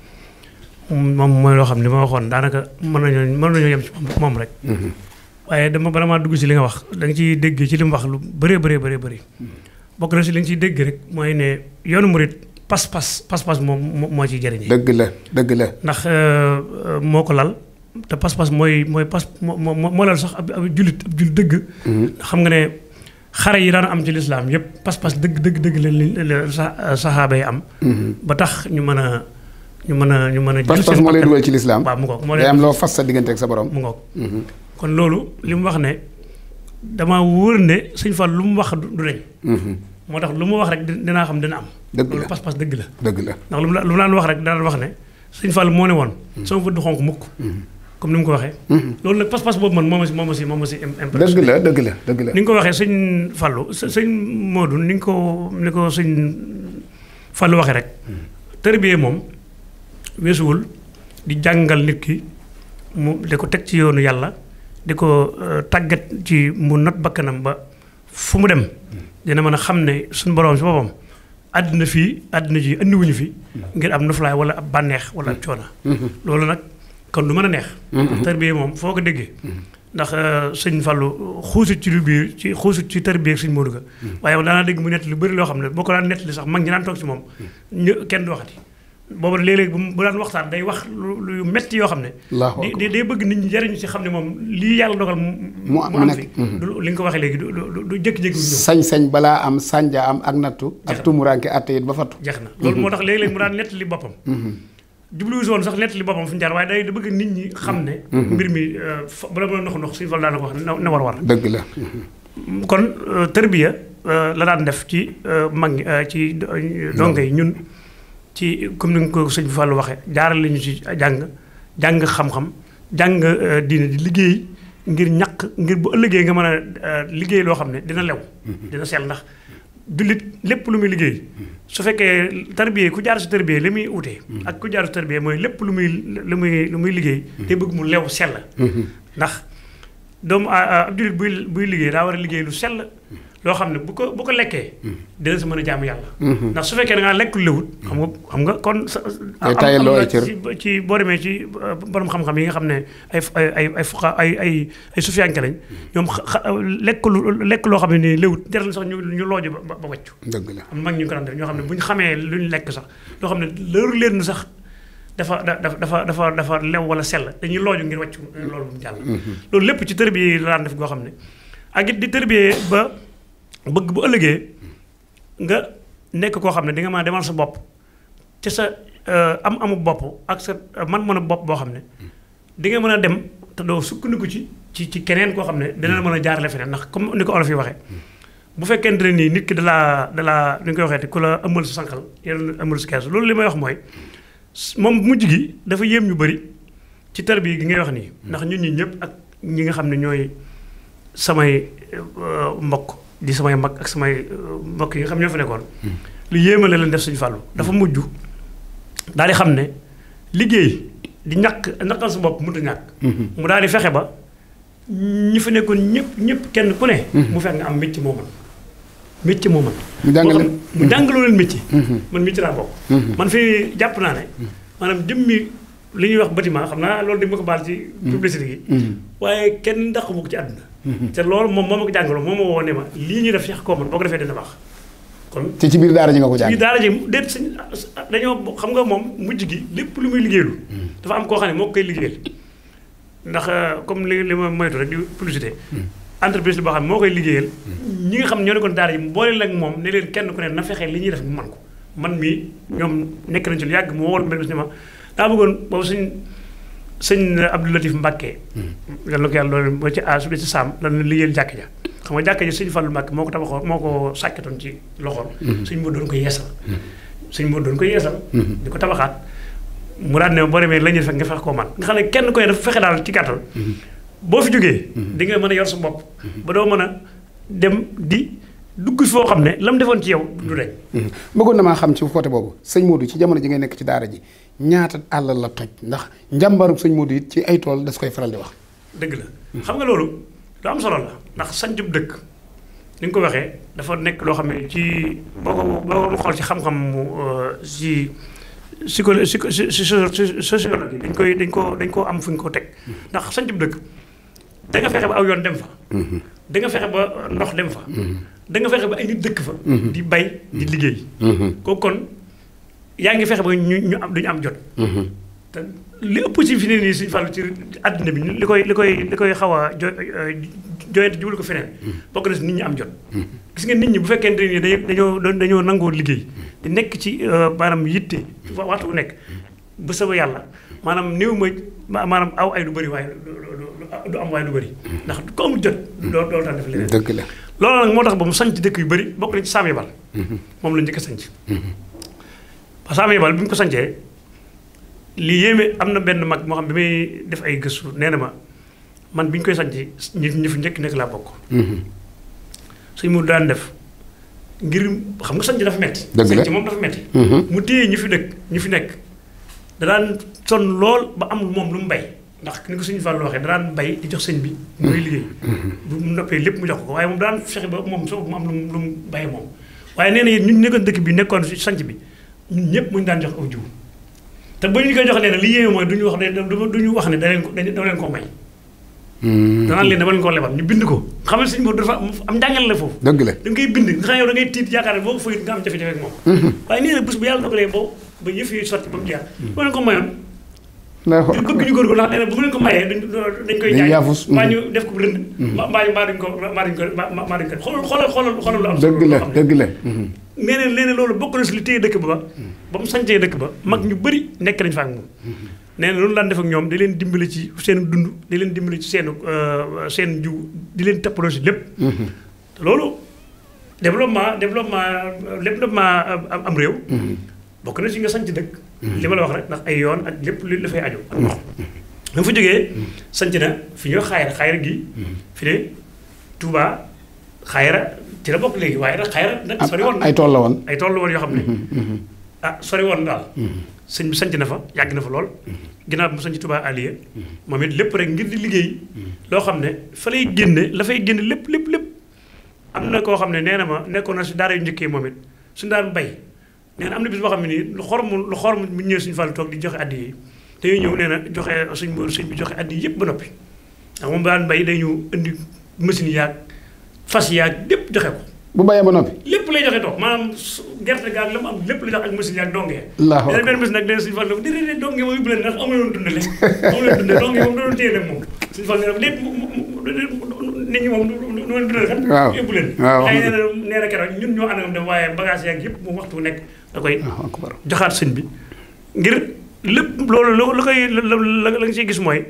Speaker 3: moom mooy loo xam ne ma waxoon daanaka mën nañoo mën nañoo yem ci moom rek. Mhm. waaye dama bala maa dugg si li nga wax da nga ciy dégg ci li mu wax lu bëree bëree bëri. Mhm. bokk na si li nga ciy dégg rek mooy ne yoonu murit pas-pas pas-pas moom moo ciy jëriñee. dëgg la dëgg la. ndax euh, euh, moo ko lal te pas-pas mooy mooy pas moo moo lal sax ab jullit ab dëgg. Mhm. xam nga ne xare yi daan am ci lislaam yëpp pas-pas dëgg dëgg dëgg la sa
Speaker 5: mhm.
Speaker 3: tax ñu mën a ñu mën a ñu mën a. jël pas-pas moo lay dugal ci lislaam waaw mu ngoog moo lay am
Speaker 2: loo fas sa diggante ak sa borom. mu ngoog mhm.
Speaker 3: kon loolu li mu wax ne damaa wóor ne sëñ Fall lu mu wax du dañ. moo tax lu mu wax rek dinaa xam dina am. dëgg la pas-pas dëgg la. dëgg la ndax lu mu lu mu daan wax rek daan wax ne sëñ Fall moo ne woon. Mm-hmm. sama bët du xonk mukk mm-hmm. comme ni mu ko waxee. Mm-hmm. loolu nag pas-pas boobu man moo ma si moo ma si moo si impression.
Speaker 2: dëgg ko
Speaker 3: waxee sëñ Fallou sëñ Modou ni nga ko ni ko waxee rek. tarbiyee moom weesuwul di jàngal nit mu di ko teg ci yoonu yàlla di ko euh, tàggat ci mu not bakkanam ba fu mu dem dina mën a xam ne suñu borom si boppam. àddina fii àddina ji andiwuñu fi ngir am noflaay wala ab bànneex wala ab coono. Mm-hmm. Mm-hmm. loolu nag kon du mën a neex. Mm-hmm. tarbiya moom foo ko déggee. ndax euh, sëñ Fallou xuusut ci lu biir ci xuusut ci tarbiya ak sëñ Modou Ka. waaye daanaa dégg mu nett lu bari loo xam ne boo ko daan nett li sax mag ñi daan toog si moom. ñu kenn du waxati. boobu léeg-léeg bu daan waxtaan day wax lu metti yoo xam ne. day day bëgg nit ñi jariñu ci xam ne moom lii yàlla dogal. mu am nekk mhm. du li nga ko waxee léegi du du jëkk jékki
Speaker 2: sañ-sañ balaa am sànja am ak nattu. ak tumuraanke atte it ba fattu. jeex na loolu moo tax mhm. léeg-léeg
Speaker 3: mu daan nettali boppam. Mhm. jubluwu si woon sax nettali boppam fu ñu jaar waaye day da bëgg nit ñi xam ne. mbir mi euh, bu la mën a ndox ndox si wala daanaka wax na war war. dëgg la. kon euh, tërbiya euh, la daan def ci mag ci donge yi ñun ci comme ni nga ko sëñ Fallou waxee jaaral lañu si jàng jàng xam-xam jàng euh, diine di liggéey ngir ñaq ngir bu ëllëgee nga mën a euh, liggéey loo xam ne dina lew mhm. dina sell ndax jullit lépp lu muy liggéey mhm. su fekkee tarbiyee ku jaar si tarbiyee li muy utee mhm. ak ku jaar si tarbiyee mooy lépp lu muy lu muy lu muy liggéey te bëgg mu lew sell ndax doomu ab jullit buy buy liggéey daa war a liggéey lu sell loo xam ko bu ko lekkee. Hmm. dina si mën a hmm. su fekkee da ngaa lekkul lewut. Hmm. xam nga xam nga kon. ay tayal loo ay cër ci demee ci euh, borom xam-xam yi nga xam ne ay ay ay fuqa ay ay ay sufiyanke ñoom xa lekk lekk loo xam ne nii lewut jaral sax ñu ñu looju ba ba wàccu. dëgg la am mag ñu ko daan def ñoo xam ne bu ñu xamee lu ñu lekk sax loo xam ne lëru leen sax. dafa dafa dafa dafa lew wala sell dañuy looju ngir wàccu loolu bu mu jàll. loolu lépp ci tërbiye yi def goo xam ne ak it di tërbiyee ba bëgg bu ëllëgee nga nekk koo xam ne di nga mën a demal sa bopp te sa euh, am amu bopp ak sa man mën a bopp boo xam ne di nga mën a dem te doo sukkandiku ci ci ci keneen koo xam ne dina la mën a jaarale feneen ndax comme ni ko olof yi waxee bu fekkente ne nii nit ki dalaa dalaa da ni ñu koy waxee ku la ëmmal sa sànqal yéen ëmmal sa kees loolu li may wax mooy moom mujj gi dafa yéem ñu bëri ci tarbiya gi ngay wax nii ndax ñun ñi ñëpp ak ñi nga xam ne ñooy samay euh, mbokk di samay mag ak samay euh, mbokk yi nga xam ñoo fa nekkoon. Hmm. lu yéemale leen def suñu fàllu dafa mujj daal di xam ne liggéey di ñàkk ñàkkal sa bopp mun a ñàkk. Hmm. mu daal di fexe ba ñi fi nekkoon ñëpp ñëpp kenn ku ne. Hmm. mu fekk nga am métier moo mën métier moo mën. mu jàngale mu jàngaloo leen métier. man métier laa bokk. man fii jàpp naa ne. maanaam jëmmi li ñuy wax bâtiment xam naa loolu di ma ko baal ci. publicité gi. waaye kenn ndax ma ko ci àdduna. Mm-hmm. te loolu moom moo ma ko jàngaloo moom moo woo ne ma lii ñu def Cheikh Koumba boo ko defee dina baax. kon
Speaker 2: te ci biir daara ji nga ko jàng ci daara
Speaker 3: ji déet si dañoo xam nga moom mujj gi lépp lu muy liggéeylu. Mm-hmm. dafa am koo xam ne moo koy liggéeyal. ndax euh, comme li li ma moytu rek di publicité. Mm-hmm. boo xam ne moo koy liggéeyal. ñi nga xam ñoo nekkoon daara ji boole leen moom ne leen kenn ku ne na fexee li ñuy def mu man ko man mii ñoom nekk nañ ci lu yàgg moo wóor mbir mi ne ma daa bëggoon boobu suñ sëñ Abdou Latif mbakke hmm. yal na ko yàlla loolu ba ci aas bi ci saam lan la liggéeyal jàkk ja xam nga jàkke ja sëñ Fallou Mbacke moo ko tabaxoon moo ko sàkkatoon ci loxoom. Hmm. sëñ moo doon ko yeesal. Hmm. sëñ moo doon ko yeesal. di ko tabaxaat mu daan ne boo demee la ñuy fekk nga fex koo man nga xam ne kenn koy dafa fexe daal ci gàttal. boo fi jógee. di nga mën a yor sa bopp. ba doo mën a dem di. dugg foo xam ne la mu defoon ci yow du dañ.
Speaker 2: bëggoon na maa xam ci côté boobu sëñ Modou ci jamono ji ngay nekk ci daara ji ñaata àll la toj ndax njàmbarum sëñ Modou it ci ay tool das koy faral di wax.
Speaker 3: dëgg la xam nga loolu lu am solo la ndax sancub dëkk ni ko waxee dafa nekk loo xam ne ci boo ko xool ci xam-xam euh, ci psychologie sociologie dañ koy dañ ko dañ koo am fu ñu teg ndax sancub dëkk da fexe ba aw yoon dem fa. Mm-hmm. danga nga fexe ba ndox dem fa. Mhm. da nga fexe ba ay nit dëkk fa. Mhm. di bay di mhm. liggéey. ko kon yaa ngi fexe ba ñu ñu am duñu am jot. te li ëpp ci fi nii suñu fàllu ci àddina bi li koy li koy li koy xaw a jo euh, jooyante jubal ko feneen. bokk na si nit ñi am jot. gis nga nit ñi bu fekkente ni dañoo dañoo nangoo liggéey. di nekk ci euh, maanaam yitte waxtu bu nekk ba sama yàlla. maanaam néew ma maanaam aw ay lu bëri waaye du am waaye lu bëri ndax ko am jot hmm. doo doo tax def leneen dëgg la loolu nag moo tax ba mu sanc dëkk yu bëri bokk na ci saam yebal hmm. moom la njëkk a sanc hmm. ba saam ko sancee li yéeme am na benn mag moo xam bi may def ay gëstu nee na ma man koy sanc ñi ñi fi njëkk nekk laa bokk mu daan def ngir xam nga sanc dafa metti sanc moom dafa metti mu téye ñu fi dëkk ñu fi nekk danaan sonn lool ba amul moom lu mu bay ndax ni ko suñu fàllu waxee danaan bay di jox sëñ bi. muy liggéey. bu mu noppee lépp mu jox ko waaye moom daan fexe ba moom soo mu am lu mu lu mu bay moom. waaye nee na yéen dëkk bi nekkoon si sanc bi ñun ñëpp mu ñu daan jox aw jiw te ba ñu koy li mooy du ñu wax ne du ñu wax ne da leen ko da leen ko may.
Speaker 5: Hmm. danaan
Speaker 3: leen dama leen ko lebal ñu bind ko xam nga suñu boobu dafa am njàngal la foofu dëgg la da ngay bind nga xam yow da ngay tiit yaakaar ne boo ko fay nga am jafe-jafe ak moom hmm. waaye nee na bés bu yàlla dogalee boo ba yëf yooyu sotti ba mu jeex. boo leen ko mayoon.
Speaker 5: d'accord di ñu
Speaker 3: góorgóorlu ndax nee na bu leen ko mayee dañ dañ koy jaay maa ko rënd. maa mm-hmm. ñu maa duñ ko maa duñ ko maa duñ ko xoolal xoolal xoolal lu am. Mm-hmm. loolu bokk na si li téye dëkk ba ba mu sancee dëkk ba mag ñu bëri nekk nañ fa ak moom. Mm-hmm. nee na loolu daan def ak ñoom di leen dimbale ci seen dund di leen dimbale ci seen uh, seen jiw di leen toppaloo si lépp. te loolu développement développement euh, développement euh, am réew. bokk na ci nga sanc dëkk mm-hmm. li ma la wax rek ndax ay yoon ak lépp li dafay aju ak ndox dama fa jógee mm-hmm. sanc na fi ñoo xaayra xaayra gi mm-hmm. fi de Touba xaayra ci la bokk léegi waaye nag xaayra nag sori woon ay tool la woon ay tool yoo xam ne ah woon daal sëñ bi sanc na fa yàgg na fa lool ginnaaw bi mu sanc Touba Aliya moom it lépp rek ngir di liggéey loo xam ne fa lay génne la fay génne lépp lépp lépp am na koo xam ne nee na ma nekkoon na si daara njëkkee moom it suñu daan bay nee na am na bis boo xam ne nii lu xormu lu xormu bu ñëwee suñu fàllu toog di joxe addi yi te ñëw nee na joxe suñ mor sëñ bi joxe addi yi yëpp ba noppi ndax moom daan bay day ñëw indi machine yaag fas yaag lépp joxe ko bu bayee ba noppi lépp lay joxe toog maanaam gerte gaag la mu am lépp la jox ak machine yaag dongee benn bis nag den suñu fàllu dé dé dongee moom yóbbu leen ndax amu leen
Speaker 5: dundale amu leen dundale dongee moom doon téye nag moom suñu lépp
Speaker 3: nit ñi lu lu nee na keroog ñun ñoo ànd ak yëpp moom waxtu nekk da koy. joxaat sëñ bi ngir lépp loolu la la la la nga ciy gis mooy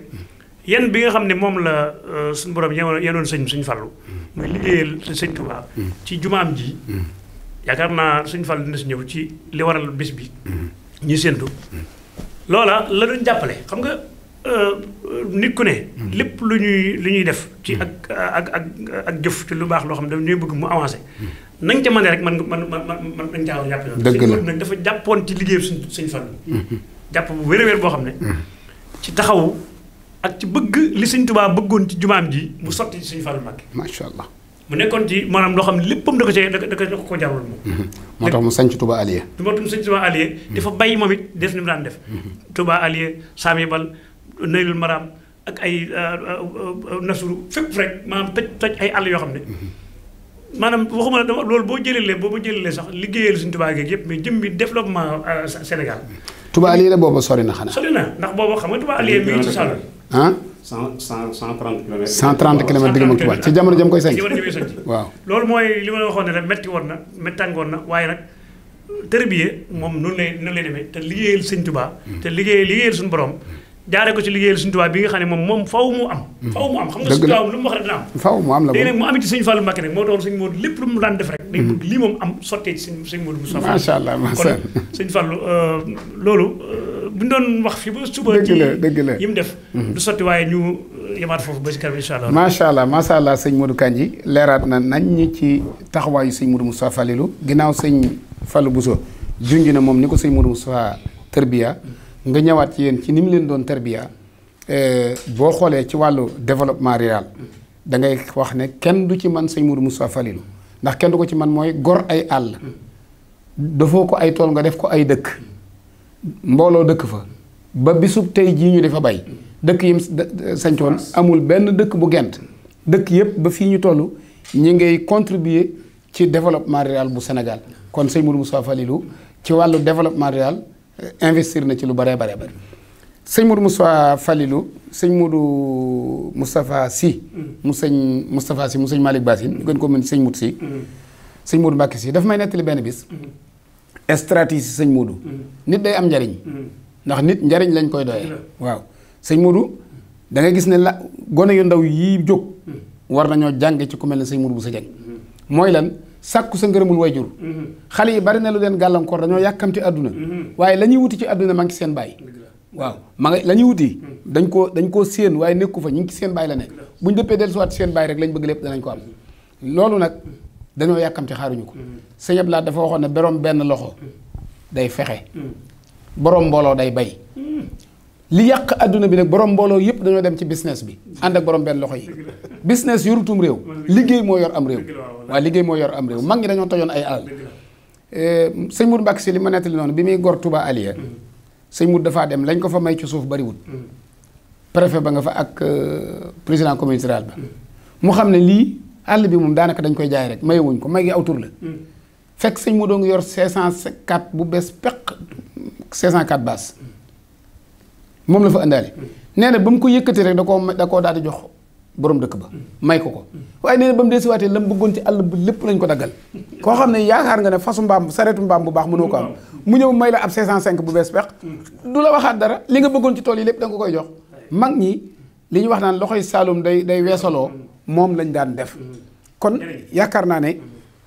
Speaker 3: yan bi nga xam ne moom la euh, suñu borom yenoon sëñ suñu fallu muy liggéeyal sëñ Tuubaa ci jumaam ji. yaakaar naa suñu fallu dina si ñëw ci li waral bis bi. Mm. ñuy séentu. loola la doon jàppale xam nga. Euh, nit ku ne. lépp lu ñuy lu ñuy def. ci ak ak ak ak jëf ci lu baax loo xam ne dañuy bëgg mu avancé. nañ ca mën rek man man man man nañ caa war a jàpp. dëgg la nag dafa jàppoon ci liggéeyam suñ suñ fan. jàpp bu wér-wér boo xam ne. ci taxawu ak ci bëgg li suñ tubaa bëggoon ci jumaam ji mu sotti ci suñu fan mag. macha allah. mu nekkoon ci maanaam loo xam ne léppam da ko cee da ko da ko jaroon
Speaker 2: moom. Mhm. moo tax mu sañc Touba Alié. moo
Speaker 3: tax mu sañc Touba Alié. dafa bàyyi it def ni daan def. Mhm. Bal. naylul maraam ak ay euh, euh, euh, nasuru fépp rek maanaam toj toj ay àll yoo xam ne mhm. maanaam waxuma dama loolu boo jëlee boo boo jëlee sax liggéeyal suñu Touba geeg yëpp mais bi développement Sénégal.
Speaker 2: Touba Alié la booba sori na xanaa.
Speaker 3: sori na xam nga Touba Alié mi ngi ci Saloum. ah. cent cent cent trente kilomètres. cent trente kilomètres diggam ak Touba ci jamono jëm koy sañ. jamono jëm koy sañ waaw. loolu mooy li ma la waxoon ne rek métti woon na méttangoon na waaye nag moom noonu lay noonu lay demee te liggéeyal sëñ Touba. Mm. te liggéey liggéeyal suñu borom. Mm. jaaree ko ci liggéeyal suñu tubaab bi nga xam ne moom moom faw mu am mm-hmm. faw mu am xam nga suñu tubaab
Speaker 2: lu mu wax rek dina am faw mu am la léegi nag mu amit
Speaker 3: ci moo lépp mu daan def rek dañ am sottee ci suñu suñu Modou Moustapha macha allah macha allah kon suñu Fallou euh, loolu euh, bu ñu wax fi ba suba dëgg la dëgg yi mu def mm-hmm. du sotti waaye ñu euh, yemaat foofu ba ci kanam incha allah macha
Speaker 2: allah macha allah sëñ Modou Kandji leeraat na nañ ñi ci taxawaayu sëñ Modou Moustapha Falilou ginnaaw sëñ Fallou Bousso junj na moom ni ko sëñ Modou Moustapha tërbiya nga ñëwaat ci yéen ci ni mu leen doon tarbiya eh, boo xoolee ci wàllu développement rural da ngay wax ne kenn du ci man sëñ Mourou Moussa Falilou ndax kenn du ko ci man mooy gor ay àll dafoo ko ay tool nga def ko ay dëkk mbooloo dëkk fa ba bisub tey jii ñu dafa bay dëkk yim sañcoon amul benn dëkk bu gent dëkk yëpp ba fii ñu toll ñi ngay contribuer ci développement rural bu Sénégal kon sëñ Mourou Moussa Falilou ci wàllu développement rural investir na ci lu baree bare bari sëñ Modou Moustapha Falilou sëñ Modou Moustapha Sy mm. mu sëñ Moustapha Sy mu sëñ Malick Bassine ñu gën ko mën sëñ Modou si mm. sëñ Modou Mbacke si dafa may nettali benn bis mm. stratégie sëñ Modou nit day am njariñ ndax nit njariñ lañ koy doyee waaw sëñ Modou dangay gis ne la gone yu ndaw yi jóg war nañoo jànge ci ku mel ne sëñ Modou bu sa jàng mooy lan sàkku sa ngërëmul way jur mhm. xale yi bari na lu leen gàllankoor dañoo yàkkamti àdduna mhm. waaye lañuy ñuy wuti ci àdduna ma ngi seen bàyyi waaw ma nga la ñuy wuti mhm. dañ koo dañ koo séen waaye nekku fa ñu ngi ci seen bàyyi la ne bu ñu dëppee dellusiwaat seen bàyyi rek lañ bëgg lépp danañ ko am loolu nag dañoo yàkkamti xaaruñu ko sëñ laa dafa waxoon ne borom benn loxo day fexe boroom mbooloo day bay li yàq adduna bi nag borom mbooloo yëpp dañoo dem ci business bi ànd ak borom benn loxo yi business yorutum réew liggéey moo yor am réew waaw liggéey moo yor am réew mag ñi dañoo tojoon ay alal eh, sëñ Mour Mbacke si li ma li noonu bi muy gor Touba Aliya sëñ Mour dafaa dem lañ ko fa may ci suuf bariwut préfet ba nga fa ak euh, président communauté rurale ba mu xam ne lii àll bi moom daanaka dañ koy jaay rek mayewuñ ko may gi aw la fekk sëñ Mour doo ngi yor 504 bu bees peq 504 baas moom la fa indaale nee na ba mu ko yëkkati rek da koo da koo daal di jox borom dëkk ba may ko ko waaye nee ba mu desiwaatee la mu bëggoon ci àll bi lépp lañ ko daggal koo xam ne yaakaar nga ne fasu mbaam sareetu mbaam bu baax mënoo ko am mu ñëw may la ab 505 bu bees bex du la waxaat dara li nga bëggoon ci tool yi lépp danga koy jox mag ñi li ñu wax naan loxoy saalum day day weesaloo moom lañ daan def kon yaakaar naa ne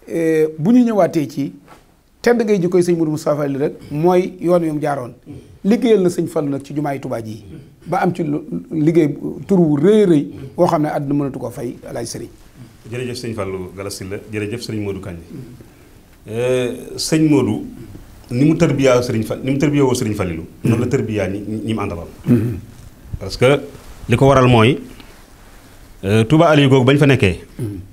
Speaker 2: eh, bu ñu ñëwaatee ci tedd ngay jikkoy sëñ Mourou Moustapha li rek mooy yoon yu mu jaaroon liggéeyal na sëñ Fallu nag ci jumaay Tuubaa ji ba am ci liggéey tur wu rëy rëy boo xam ne àdduna mënatu ko fay alaaj sëriñ
Speaker 4: jërëjëf sëñ Fallu Galassi la jëf sëriñ Modou Kandji euh, sëñ Modou ni mu tërbiyaa sëriñ Fall ni mu tërbiyaa sëriñ Fallilu noonu la tërbiyaa ñi ñi mu àndaloon mm-hmm. parce que li ko waral mooy euh, Touba Aliou googu bañ fa nekkee mm-hmm.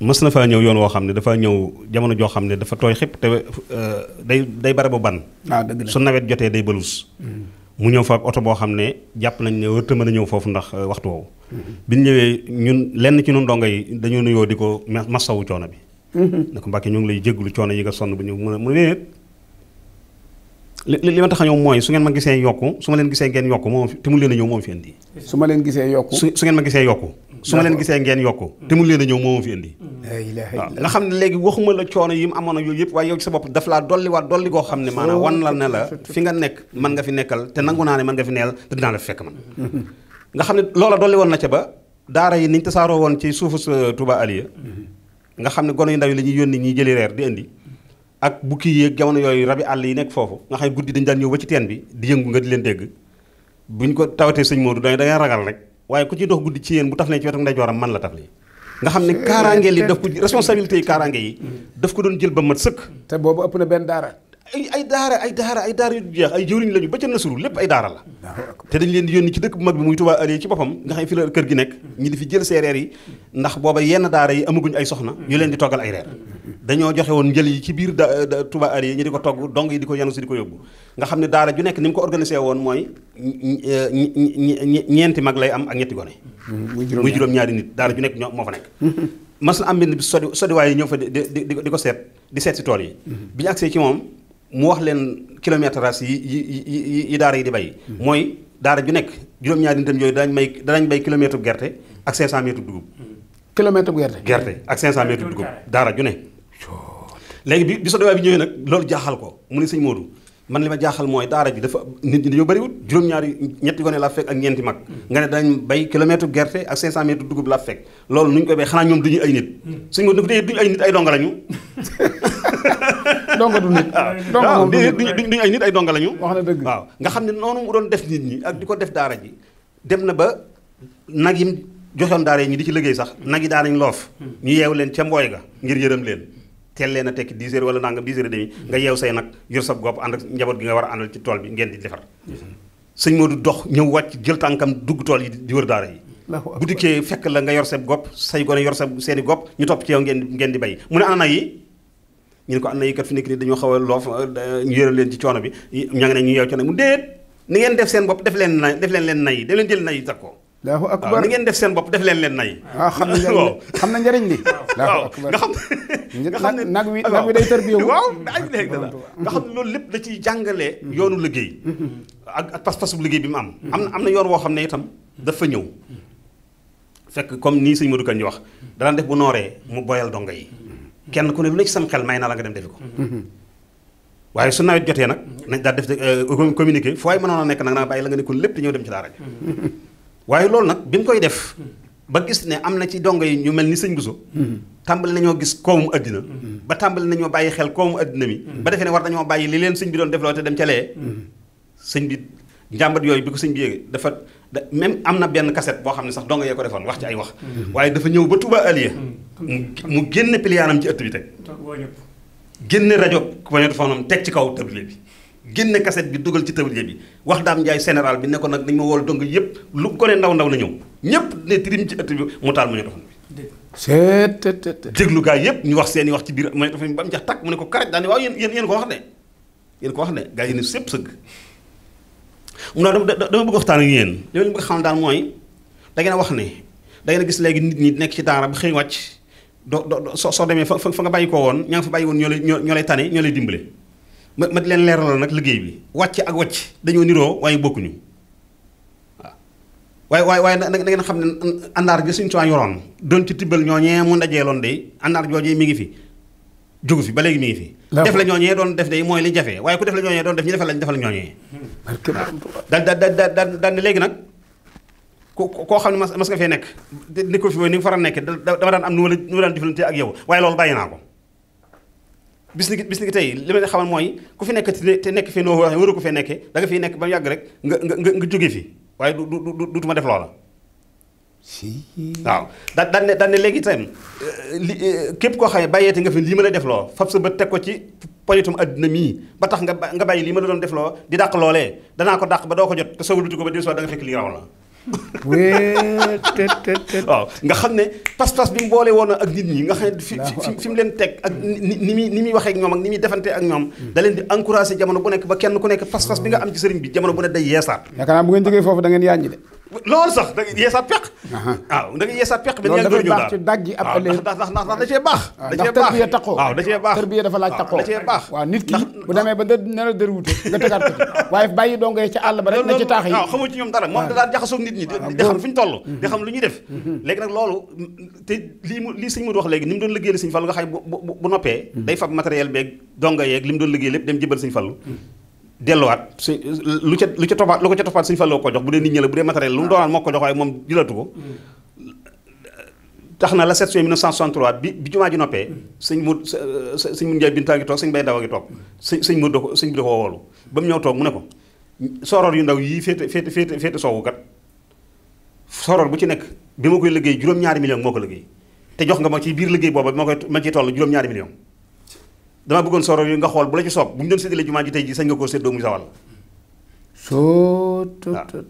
Speaker 4: mës na faa ñëw yoon woo xam ne dafa ñëw jamono joo xam ne dafa tooy xëpp te euh, day day bare bu ban. Ah, su nawet jotee day bëlus. Mm-hmm. mu ñëw fa oto boo xam ne jàpp nañ ne wërta mën a ñëw foofu ndax euh, waxtu woowu. Mm-hmm. bi ñun lenn ci ñun ndongo yi dañoo nuyoo di ko masawu coono bi. Mm-hmm. ne ko Mbàkke ñu ngi lay jégglu coono yi nga sonn bu ñëw mën mu ne li li ma tax a ñëw mooy su ngeen ma gisee yokk su ma leen gisee ngeen yokku moom te mu leen a ñëw moom ma leen gisee yokku su ngeen ma gisee yokku su ma leen gisee ngeen yokku mm. te mu leen ñëw moo ma fi indi nga xam ne léegi waxuma la coono yi mu amoon a yooyu yëpp waaye yow ci sa bopp dafa laa dolli waat dolli koo xam ne maanaam wan la ne la fi nga nekk mën fi nekkal te nangu naa ne nga fi neel te dinaa la man mm-hmm. nga xam ne loola dolli woon na ca ba daara yi niñ tasaaroo woon ci suufu Touba Aliya mm-hmm. nga xam ne gone yu ndaw yi la ñuy yónni ñuy jëli reer di indi ak bukki yeeg jamono yooyu rabi àll yi nekk foofu nga xam ne guddi dañ daan ñëw ba ci teen bi di yëngu nga di leen dégg buñ ko tawatee sëñ Modou dañu ragal rek waaye ku ci dox guddi ci yéen bu taf lee ci wetam ndeyjooram man la taf lee nga xam ne kaaraange li daf ko responsabilité yi kaaraange yi daf ko doon jël ba mat sëkk te boobu ëpp na benn daara ay daara ay daara ay daara yu jeex ay jëwriñ lañu ba ca nasuru lépp ay daara la te dañ leen di yónni ci dëkk bu mag bi muy Touba Aliou ci boppam nga xam fi la kër gi nekk ñi di fi jël seereer yi ndax booba yenn daara yi amaguñ ay soxna yu leen di toggal ay reer dañoo joxe woon njël yi ci biir da Touba Aliou ñi di ko togg dong yi di ko yanu si di ko yóbbu nga xam ne daara ju nekk ni mu ko organisé woon mooy ñeenti mag lay am ak ñetti gone muy juróom ñaari nit daara ju nekk ñoo moo fa nekk mas na am benn bi sodi sodiwaay ñëw fa di di ko seet di seet si tool yi mm-hmm. bi ñu agsee ci moom mu wax leen kilométrage yi yi yi daara yi di bay hmm. mooy daara ju nekk juróom-ñaari nitam yooyu danañ may danañ bay kilomètre gerte ak 500 mètres dugub. Hmm.
Speaker 2: kilomètre gerte.
Speaker 4: gerte ak 500 mètres dugub daara ju ne. léegi bi bi sa doy bi ñëwee nag loolu jaaxal ko mu ne suñ Modou man li ma jaaxal mooy daara bi dafa nit ñi dañoo bëriwul juróom-ñaari ñetti gone laa fekk ak ñeenti mag. Hmm. nga ne danañ bay kilomètre gerte ak 500 mètres dugub laa fekk loolu ñu koy bay xanaa ñoom du ay nit. suñ Modou nag dee ñu ay nit ay donga lañu donga du nit waaw ah. duñu ay nit ay donga lañu wax na dëgg waaw nga xam ne noonu mu doon def nit ñi ak di ko def daara ji dem na ba nag yim joxoon daara yi ñu di ci liggéey sax nag yi daanañ loof ñu yeew leen ca mbooy ga ngir yërëm leen teel leen a tekki 10 heures wala nangam 10 heures demi nga yeew say nag yor sab gopp ànd ak njaboot gi nga war a àndal ci tool bi ngeen di defar sëñ Modou dox ñëw wàcc jël tànkam dugg tool yi di wër daara yi bu fekk la nga yor sab gopp say gone yor sa seeni gopp ñu topp ci yow ngeen ngeen di bay ñu ne ko am na yi kat fi nekk nii dañoo xaw a loof ñu yëral leen ci coono bi ña ngi ne ñu yeew coono mu déet ni ngeen def seen bopp def leen nay def leen leen nay def nay teg ko
Speaker 2: allahu ngeen
Speaker 4: def seen bopp def leen nay ah, waaw
Speaker 2: xam na njëriñ li xam
Speaker 4: na njëriñ li waaw nga xam nga xam ne nag wi nag wi day tërbiyewu waaw nga xam loolu lépp da ciy jàngale yoonu liggéey ak ak pas-pasu liggéey bi mu am am na am na yoon woo xam ne itam dafa ñëw fekk comme nii sëñ Modou Kane di wax danaan def bu nooree mu boyal donga yi kenn ku ne lu la ci sam xel may na la nga dem defi ko. waaye su nawet jotee nag mm-hmm. nañ daal def euh, communiqué foo ay mënoon nekk nag naa bàyyi la nga nekkoon lépp te ñëw dem ci daara ja mm-hmm. waaye loolu nag bi mu koy def mm-hmm. ba gis ne am na ci dongo yi ñu mel ni sëñ Bousso tàmbali nañoo gis koomu addina ba tàmbali nañoo bàyyi xel koomu addina mi ba defee ne war nañoo bàyyi li leen sëñ bi doon def loo te dem ca lee sëñ bi njàmbat yooyu bi ko sëñ bi yéegee dafa da am na benn kaset boo xam ne sax dong yee ko defoon wax ci ay wax. Mm-hmm. waaye dafa ñëw ba Touba Aliya. Mm-hmm. mu génne piliyaanam ci ëtt bi teg. génne rajo magnétophone teg ci kaw tablier bi. génne cassette bi dugal ci tablier bi wax daam njaay général bi nekkoon nag dañ ma wool dong yëpp lu gone ndaw ndaw na ñëw ñëpp ne tirim ci ëtt bi mu taal magnétophone bi. seet te te te. déglu gaa yëpp ñu wax seen i wax ci biir magnétophone bi ba mu jax tàkk mu ne ko karaj daal yéen yéen ko wax de yéen ko wax de gaa sëpp sëgg mu ne dama bëgg waxtaan ak yéen li ma leen bëgg xam daal mooy da ngeen wax ni da ngeen gis léegi nit ñi nekk ci daara ba xëy wàcc do do soo soo demee fa fa nga bàyyi ko woon ña nga fa bàyyi woon ñoo lay ñoo lay tane ñoo lay dimbale ma ma di leen leeralal nag liggéey bi wàcc ak wàcc dañoo niroo waaye bokkuñu waaye waaye waaye da ngeen xam ne àndaar bi suñu tuwaa yoroon doon ci tibbal ñooñee mu ndajeeloon de àndaar joojee mi ngi fi jugu fi ba léegi mi ngi fi. def la ñooñee doon def de mooy li jafe waaye ku def la ñooñee doon def ñu defal lañ defal ñooñee. daan daan daan léegi nag ku koo xam ne mas mas nga fee nekk nekkul fi mooy ni nga faral nekk dama daan am nu ma la nu ma daan jëflante ak yow waaye loolu bàyyi naa ko. bis ni bis ni tey li ma ne xamal mooy ku fi nekk te nekk fi noo waxee waru ko fee nekkee da nga nekk ba yàgg rek nga nga nga jóge fi waaye du du du du ma def loola. waaw dan daan ne daan ne léegi itam euh, li euh, képp koo xam ne bàyyeete nga fi lii ma la defloo fab sa bët teg ko ci poñitum àdduna mii ba tax nga nga bàyyi lii ma la doon defloo di dàq loolee danaa ko dàq ba doo ko jot te soo ko ba déglu si da nga fekk lii raw la. waaw nga xam ne pas-pas bi mu woon ak nit ñi nga xam ne fi fi mu leen teg ak ni ni muy waxee ñoom ak ni muy defante ak ñoom da leen di encouragé jamono bu nekk ba kenn ku nekk pas-pas bi nga am ci sëriñ loolu sax da ngay yeesaat peq. waaw da ngay yeesaat peq. loolu dafay baax ci
Speaker 2: daj ji ab ëllëg ndax ndax ndax da cee baax. Ah, da cee baax ndax tërbiya taxoo. waaw da cee baax tërbiya dafa laaj taxoo. da cee baax waaw nit ki bu demee ba dë ne la dër wute nga tëgaat ko ci waaye bàyyi dong ci àll ba rek na ci taax yi. waaw xamul ci ñoom dara moom da daan jaxasoo nit ñi di ah, xam fu ñu toll mm-hmm. di xam lu ñuy def mm-hmm. léegi nag loolu
Speaker 4: te lii mu lii sëñ Modou wax léegi ni mu doon liggéeyal sëñ Fallu nga xam bu noppee mm-hmm. day fab matériel beeg donga yeeg li mu doon liggéey lépp dem jëbal sëñ Fallu delluwaat su lu ca lu ca toppaat lu ko ca toppaat suñu fàlloo ko jox bu dee nit ñi la bu dee matériel lu mu ah. doonaat moo ko jox waaye moom jëlatu ko tax na la 7 juin 1963 bi bi jumaa ji noppee sañ mu sëñ mun njaay bintaa ngi toog sëñ bay ndaw a ngi toog sëñ sëñ mu dako sëñ bi ba mu ñëw toog mu ne ko sooroor yu ndaw yii féete féete féete féete soowu kat sooroor bu ci nekk bi ma koy liggéey juróom-ñaari million moo ko liggéey te jox nga ma ci biir liggéey booba bi ma koy ma ciy toll dama bëggoon soro yi nga xool bu la ci soob bu ñu doon séddale jumaa ji tey ji sañ nga koo séddoo muy sawal
Speaker 5: soo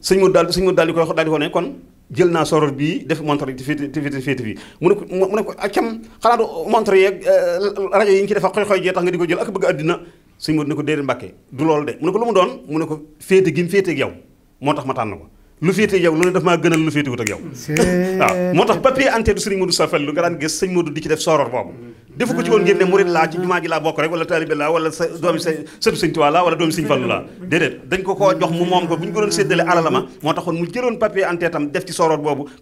Speaker 4: sëñ mu sëñ mu daal di koy daal di ko ne kon jël naa soror bii def montre fii fii fii fii mu ne ko mu ne ko accam xalaatu montre yeeg euh, rajo yi ñu ci defa xoy xoy jee tax nga di ko jël ak bëgg àddina sëñ mu ne ko déedéet mbàkke du loolu de mu ne ko lu mu doon mu ne ko féete gi mu féete ak yow moo tax ma tànn ko lu féete yow loolu daf maa gënal lu féete wut ak yow waaw moo tax papier ante du sëñ nga daan gis sëñ Modou di ci def soror boobu defu ko ci woon ne murit laa ci jumaa ji laa bokk rek wala taalibe laa wala sa doomi sa sëtu sëñ laa wala doomi def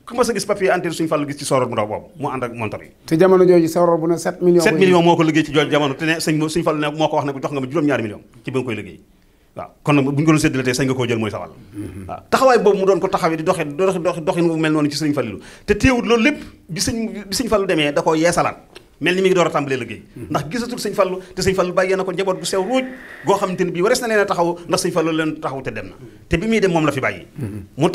Speaker 4: ku ma sa gis papier en tête suñu Fallu gis ci soroor bu ndaw boobu mu ànd ak montar yi te sañ nga mhm. te téewut loolu lépp bi sëñ bi sëñ Fallu demee da koo yeesalaat mel ni mi ngi door a tàmbalee liggéey ndax gisatul sëñ Fallu te sëñ Fallu bàyyee na ko njaboot gu sew ruuj goo xamante ne bii wares na leen a taxaw ndax te dem na te bi muy dem moom la fi bàyyi mu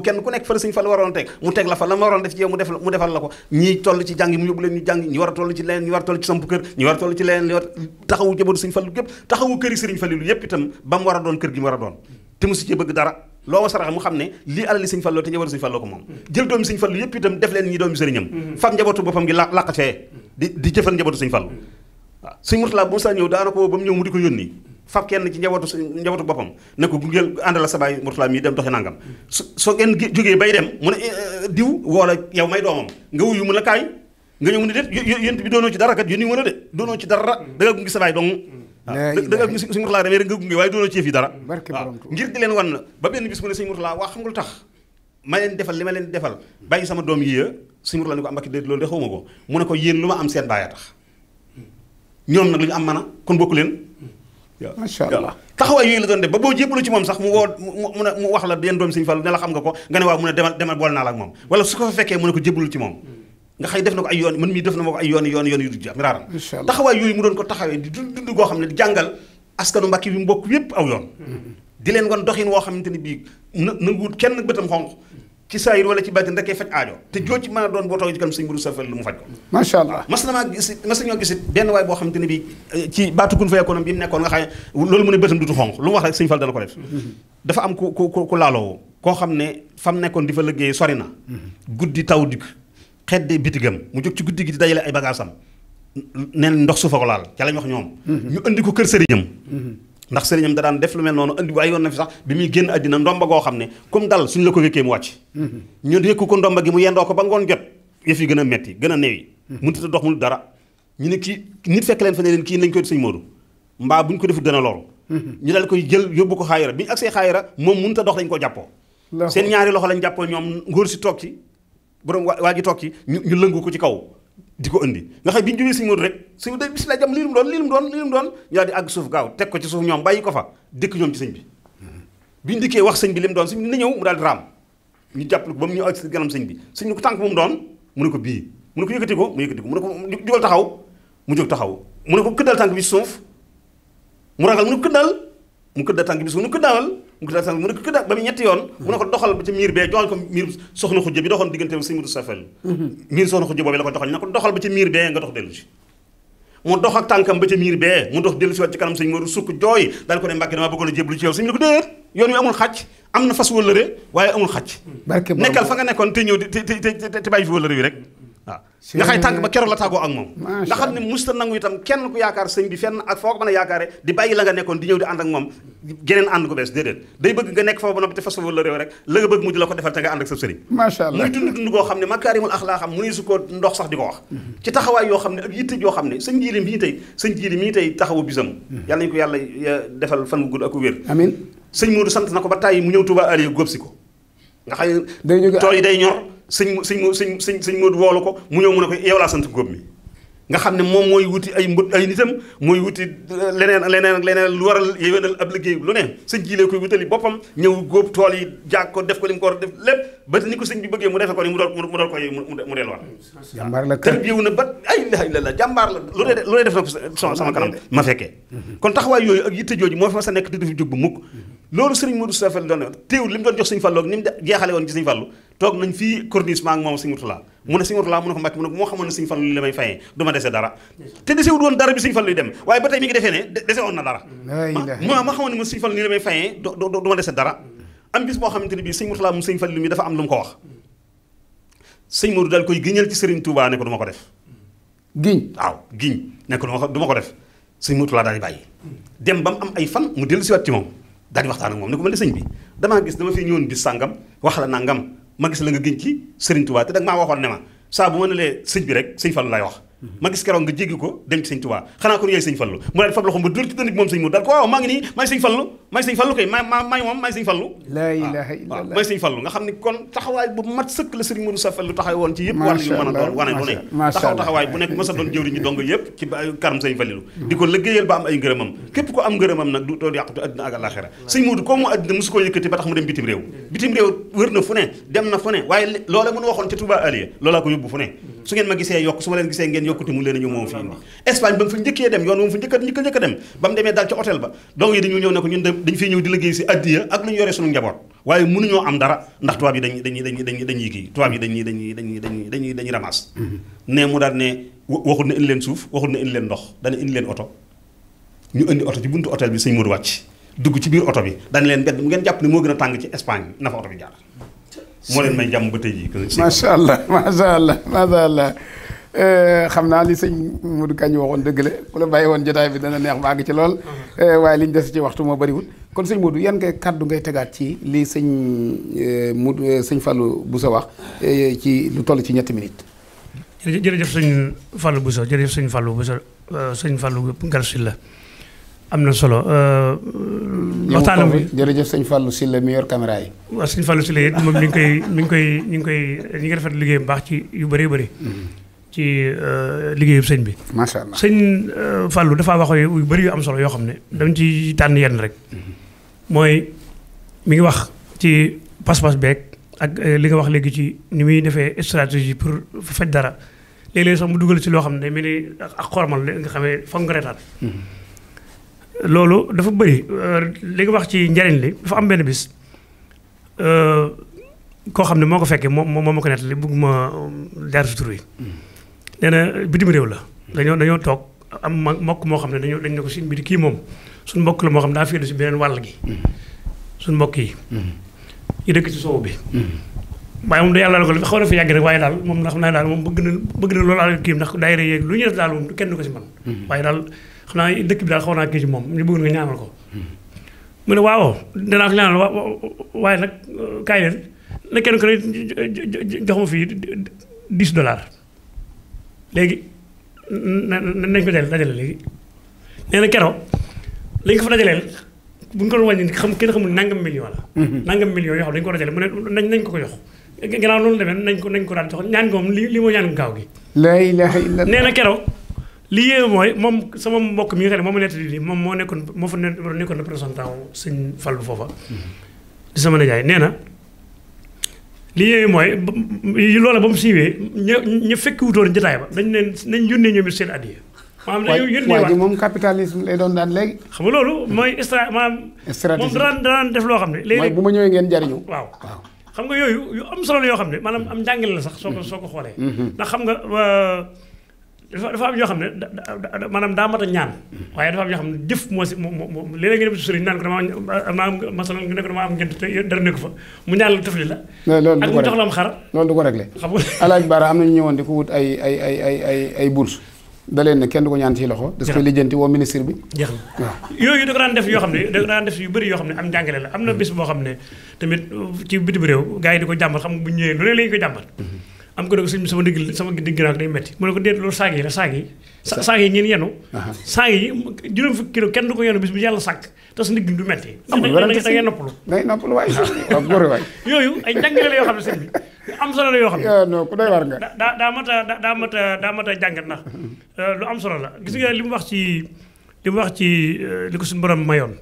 Speaker 4: kenn ku nekk fa la sëñ Fallu waroon teg mu teg la fa la ma waroon def ci yow mu def mu defal la ko ñi war a toll ci leneen a toll ci samp a taxawu njaboot sëñ Fallu gépp taxawu këri sëriñ Fallu yépp itam ba war a doon kër gi mu war a doon te musu ci bëgg dara loo ma sarax mu xam ne lii alali sëñ falloo te njabootu sëñ falloo ko moom jël doomi sëñ fallu yëpp itam def leen ñi doomi sëriñam mhm. fab njabootu boppam gi làq fee di di jëfal njabootu sëñ fallu waaw sëñ murtala bu mu saa ñëw daana ko ba mu ñëw mu di ko yónni fab kenn ci njabootu njabootu boppam ne ko gungeel àndal la sa baay murtala mii dem doxi nangam su soo ngeen jógee bay dem mu ne eh, eh, diw woola yow may doomam nga wuyu mu la kaay nga ñëw mu ne déet yént bi doonoo ci dara kat yónni mën a de doonoo ci dara mm. da sa baay dong mm. da ah. nga sëñ Murtala demee rek nga gunge waaye doonoo ci yëf yi dara ah. ngir di leen wan na ba benn bis mu ne sëñ Murtala waa xam leen defal li ma leen defal bàyyi sama doom yi sëñ Murtala ne ko am ah, bakki déet loolu de xawma ko mu ne ko yéen lu ma am seen baaya tax ñoom nag lu ñu am mana kon bokku leen macha la doon def boo jébbalu ci moom sax mu woo mu wax la yéen doom sëñ Fallu ne la xam nga ko nga ne waaw mu ne demal demal boole naa la ak moom wala su ko fa fekkee mu ne ko jébbalu ci moom nga xëy def na ko ay yoon man mii def na ma ko ay yoon yoon yoon yu du jeex mi raaram taxawaay yooyu mu doon ko taxawee di dund dund goo xam ne di jàngal askanu Mbàkke bi mbokk yépp aw yoon mm-hmm. di leen wan doxin woo xamante ni ci saayir wala ci te joo ci mën a doon boo toogee ci kanam sëñ Modou Safal ne bii eh, bi mu nekkoon nga xam ne loolu mu ne bëtam dutu xonq lu mu wax rek sëñ Fall dana ko def mm-hmm. dafa am ku ku ku laaloo koo xam ne fam nekkoon di fa liggéey sori na
Speaker 5: mm-hmm.
Speaker 4: guddi taw dikk xeddi bitigam mu jóg ci guddi gi di dajale ay bagaasam neen ndox su fa ko laal ca lañu wax ñoom mhm. ñu indi ko kër sëriñam mhm. ndax sëriñam da daan def lu mel noonu andi waaye yoon na fi sax bi muy génn àddina ndomba goo xam ne comme dal suñ la ko yëkkee mu wàcc mhm. ñu yëkku ko ndomba gi mu yendoo ko ba ngoon jot yëf yi gën a metti gën a néew mun a dox mul dara ñu ne kii nit fekk leen fa ne leen kii nañ koy sañ Modou mbaa bu ñu ko defut dana loru ñu dal koy jël yóbbu ko xaayira bi ñu agsee xaayira moom mun ta dox dañ ko jàppoo seen ñaari loxo lañ jàppoo ñoom ngóor si toog ci borom waa ji toog ci ñu ñu lëngu ko ci kaw di ko indi nga xam bi ñu jubee suñu mën rek suñu day bis la jam lii mu doon lii mu doon lii mu doon ñu daal di àgg suuf gaaw teg ko ci suuf ñoom bàyyi ko fa dëkk ñoom ci sëñ bi bi ñu dikkee wax sëñ bi li mu doon suñ na ñëw mu daal di raam ñu jàppale ko ba mu ñëw ak si ganam sëñ bi sëñ ko tànk bu mu doon mu ne ko bii mu ne ko yëkkati ko mu yëkkati ko mu ne ko jógal taxaw mu jóg taxaw mu ne ko këddal tànk bi suuf mu ragal mu ne ko këddal mu këddal tànk bi suuf mu ko këddalal mu ko mu ne ko ba mu ñetti yoon mu ne ko doxal ba ca miir bee joxal ko miir soxna xujja bi doxoon diggante sëñ Mudu Safal mhm. miir miir bee nga dox dellu si mu dox ak tànkam ba ca miir bee mu dox dellu si waat ci kanam sëñ Moodu sukk jooy daal ko ne Mbàkke damaa bëggoon a jéblu ci yow sëñ bi ne ko déet yoon wi amul xàcc am na fas wëllëre waaye amul xàcc nekkal fa nga nekkoon te ñëw te te te bàyyi fi wëllëre wi rek
Speaker 5: waaw nga xay tànk ba
Speaker 4: keroog la tàggoo ak moom nga xam ne musta nangu itam kenn ku yaakaar sëñ bi fenn ak foo ko mën a yaakaare di bàyyi la nga nekkoon di ñëw di ànd ak moom geneen ànd ko bees déedéet day bëgg nga nekk foofu ba noppi te fas foofu la réew rek la nga bëgg mu di xam ne makaarimul axlaaxam mu ne su ko ndox sax di bi mm-hmm. ñu tey sëñ jiili mi ñu tey taxawu mm-hmm. sant na ko ba tàyyi mu ñëw Tuubaa Aliou góob si ko nga xam ne tool yi day ñor sëñ sëñ sëñ sëñ sëñ Modou woolu ko mu ñëw mu ne ko yow laa sant góob mi nga xam ne moom mooy wuti ay nitam mooy wuti euh, leneen leneen ak leneen lu waral yéwénal ab liggéey lu ne sëñ ji lee koy wutali góob tool yi jaag ko def ko li mu ko war a def ni ko sëñ bi bëggee mu defee ko ni mu doon mu doon koy ma fekkee kon taxawaay yooyu ak yitte jooju moo sa nekk te du fi jóg sëñ Fallou ni mu jeexale woon ci sëñ Fallou toog nañ fii corniche maa ngi moom sëñ Murtala mu ne sëñ Murtala mu ne ko Mbàkke mu ne ko moo xamoon ne sëñ Fallu ne dese woon na dara ma ma xamoon ne mo sëñ Fallu xamante ne bii sëñ Murtala mu sëñ Fallu mi dafa am ko wax sëñ Modou ci sëriñ Touba ne ko du ma ko def giñ waaw giñ ne ko du ma ko def sëñ Murtala daal di dem ba mu am ay fan mu dellu siwaat ci moom daal di waxtaan ak moom ne ko mën de sëñ bi damaa gis dama fi ñëwoon bis sàngam wax la nangam ma gis la nga giñ ci sëriñ Touba te da maa waxoon ne ma saa ma ne lee sëñ bi rek sëñ Fallu lay wax ma gis keroog nga jéggi ko dem ci sëñ Touba xanaa kon yooyu sëñ Fallu mu daal fab loxo ba dóor ci dënn bi moom sëñ mu daal ko waaw maa ngi nii maa ngi sëñ Fallu may sëñ fallu kay ma ma may moom may sëñ fallu
Speaker 2: laa ah, ilaaha illallaah
Speaker 4: may sëñ fallu nga xam ne kon taxawaay bu mat sëkk la sëriñ Modou Safal lu taxaw a doon wane lu taxawaay bu nekk mës a doon jëwriñu dong yëpp karam sëñ Fallilu di ko liggéeyal ba am ay ngërëmam képp ko am ngërëmam nag du doon yàqatu àddina ak àlaxira sëñ Modou ko mu àddina mosu koo yëkkati ba tax mu dem bitim réew bitim réew wër na fu ne dem na fu ne waaye loola mënu waxoon ca Touba Aliya loola ko yóbbu fu ne ñun dañ fee ñëw di liggéey si addiya ak lu ñu yore suñu njaboot waaye mënuñoo am dara ndax tubaab yi dañuy dañuy dañuy dañuy dañuy kii tubaab yi dañuy dañuy mhm. ne mu daal ne waxul na indi leen suuf waxul na indi leen ndox dana indi leen oto ñu indi oto ci buntu hôtel bi sëñ Modou wàcc dugg ci biir oto bi dana leen bedd mu ngeen jàpp ne moo gën a tàng ci Espagne na fa oto bi jaar moo leen may jàmm ba tey jii macha allah macha
Speaker 2: allah macha allah Eh, xam naa li sëñ Modou Kañ waxoon dëgg la ku la bàyyi woon jotaay bi dana neex màgg ci lool mm-hmm. eh, waaye liñ des ci waxtu moo bëriwul kon sëñ Modou yan ngay kàddu ngay tegaat ci lii sëñ eh, Modou sëñ Fallou Bousso wax ci lu toll ci ñetti minutes.
Speaker 3: jërëjëf sëñ Fallou Bousso jërëjëf sëñ Fallou Bousso sëñ Fallou Ngal Sylla am na solo. waxtaanam bi
Speaker 2: jërëjëf sëñ Fallou Sylla mi yor caméra yi.
Speaker 3: waaw sëñ Fallou Sylla it moom mi ngi koy mi ngi koy ñu ngi koy ñu ngi rafetlu liggéeyam baax ci yu bëree bëri. Mm-hmm. ci euh,
Speaker 2: liggéeyu sëñ bi. macha allah sëñ euh, Fallou dafa wax yu
Speaker 3: bëri yu am solo yoo xam ne dama ci tànn yenn rek mm-hmm. mooy mi ngi wax ci pas-pas beeg ak euh, li nga wax léegi ci ni muy defee stratégie pour faj dara léeg-léeg sax mu dugal ci loo xam ne day mel ni ak xormal nga xamee foog nga reetaan mm-hmm. loolu dafa bëri li nga wax ci njariñ li dafa am benn bis. koo xam ne moo ko fekkee moom moo ma ko nettali bëgg ma jaar si yi nee bitim réew la dañoo dañoo toog am mbokk moo xam ne dañoo dañ ne ko si mbir kii moom suñu mbokk la moo xam ne féetlu si beneen wàll gi mbokk yi ñu dëkk ci soow bi waaye yàlla la ko xaw na yàgg rek waaye daal moom ndax xam naa daal moom bëgg na bëgg na loolu al kii lu ñu def kenn ko si man waaye daal xam dëkk bi daal xaw naa kii ci moom ñu bëgg nga ñaanal ko mu ne waaw danaa ko ñaanal waaye nag kaay leen na kenn ko ne jox ma fii 10 dollars léegi nañ ko dajale dajale léegi nee na keroog lañ ko fa dajaleel bu ñu ko doon wàññi xam kenn xamul nangam million la. Mm-hmm. nangam million yoo ko dajale mu ne nañ ko ko yox gannaaw loolu demee nañ ko nañ ko daan li li moo ñaan
Speaker 2: nee na
Speaker 3: keroog. li mooy moom sama mbokk mi nga xam ne moom la nettali lii moom moo nekkoon moo fa nekkoon représentant sëñ Fallu foofa.
Speaker 2: Mm-hmm. di sama
Speaker 3: nijaay nee na. li yéeme mooy loola ba mu siiwee ña ña fekk wutoon jotaay ba dañ leen nañ yónnee ñoom it seen addiya maanaam dañoo yónnee waa ji
Speaker 2: moom capitalisme lay doon daan léegi
Speaker 3: xam nga loolu mooy stra maanaam moom daan daan def loo xam ne léegi bu ma ñëwee ngeen jariñu waaw waaw xam nga yooyu yu am solo la yoo xam ne maanaam am njàngale la sax soo ko soo ko xoolee mm-hmm. ndax xam nga dafa dafa am ñoo xam ne da maanaam daa mat a ñaan waaye dafa am ñoo xam ne jëf moo si moo moo léeg-léeg nga dem si sëriñ naan ko dama maa am masala nga ne ko dama am ngent te dara nekk fa mu ñaan la tëfli la
Speaker 2: ak mu jox la am xar loolu du ko réglé xam nga alaaj baara am nañu ñëwoon di ko wut ay ay ay ay ay ay bourse da leen ne kenn du ko ñaan ci loxo das koy lijjanti woo ministre bi
Speaker 5: jeex na waaw
Speaker 3: yooyu da ko daan def yoo xam ne da ko daan def yu bëri yoo xam ne am njàngale la am na mm-hmm. bés boo xam ne tamit ci bitim réew gars yi di ko jàmbat xam nga bu ñëwee lu ne la ñu ko jàmbat mm-hmm. am ko def sëñ bi sama digg sama digg naa ko day métti mu ne ko yi la saag yi saag yi ngeen kenn du ko yenu bis bu yàlla sàkk te sa ndigg du métti da ngay noppalu
Speaker 2: ngay noppalu waay yoo xam ne sëñ bi am solo yoo xam ne non ku doy daa daa
Speaker 3: mat a daa a daa mat a jàngat ndax euh, lu am solo la gis nga li mu wax ci li mu wax ci euh, li ko suñu borom mayoon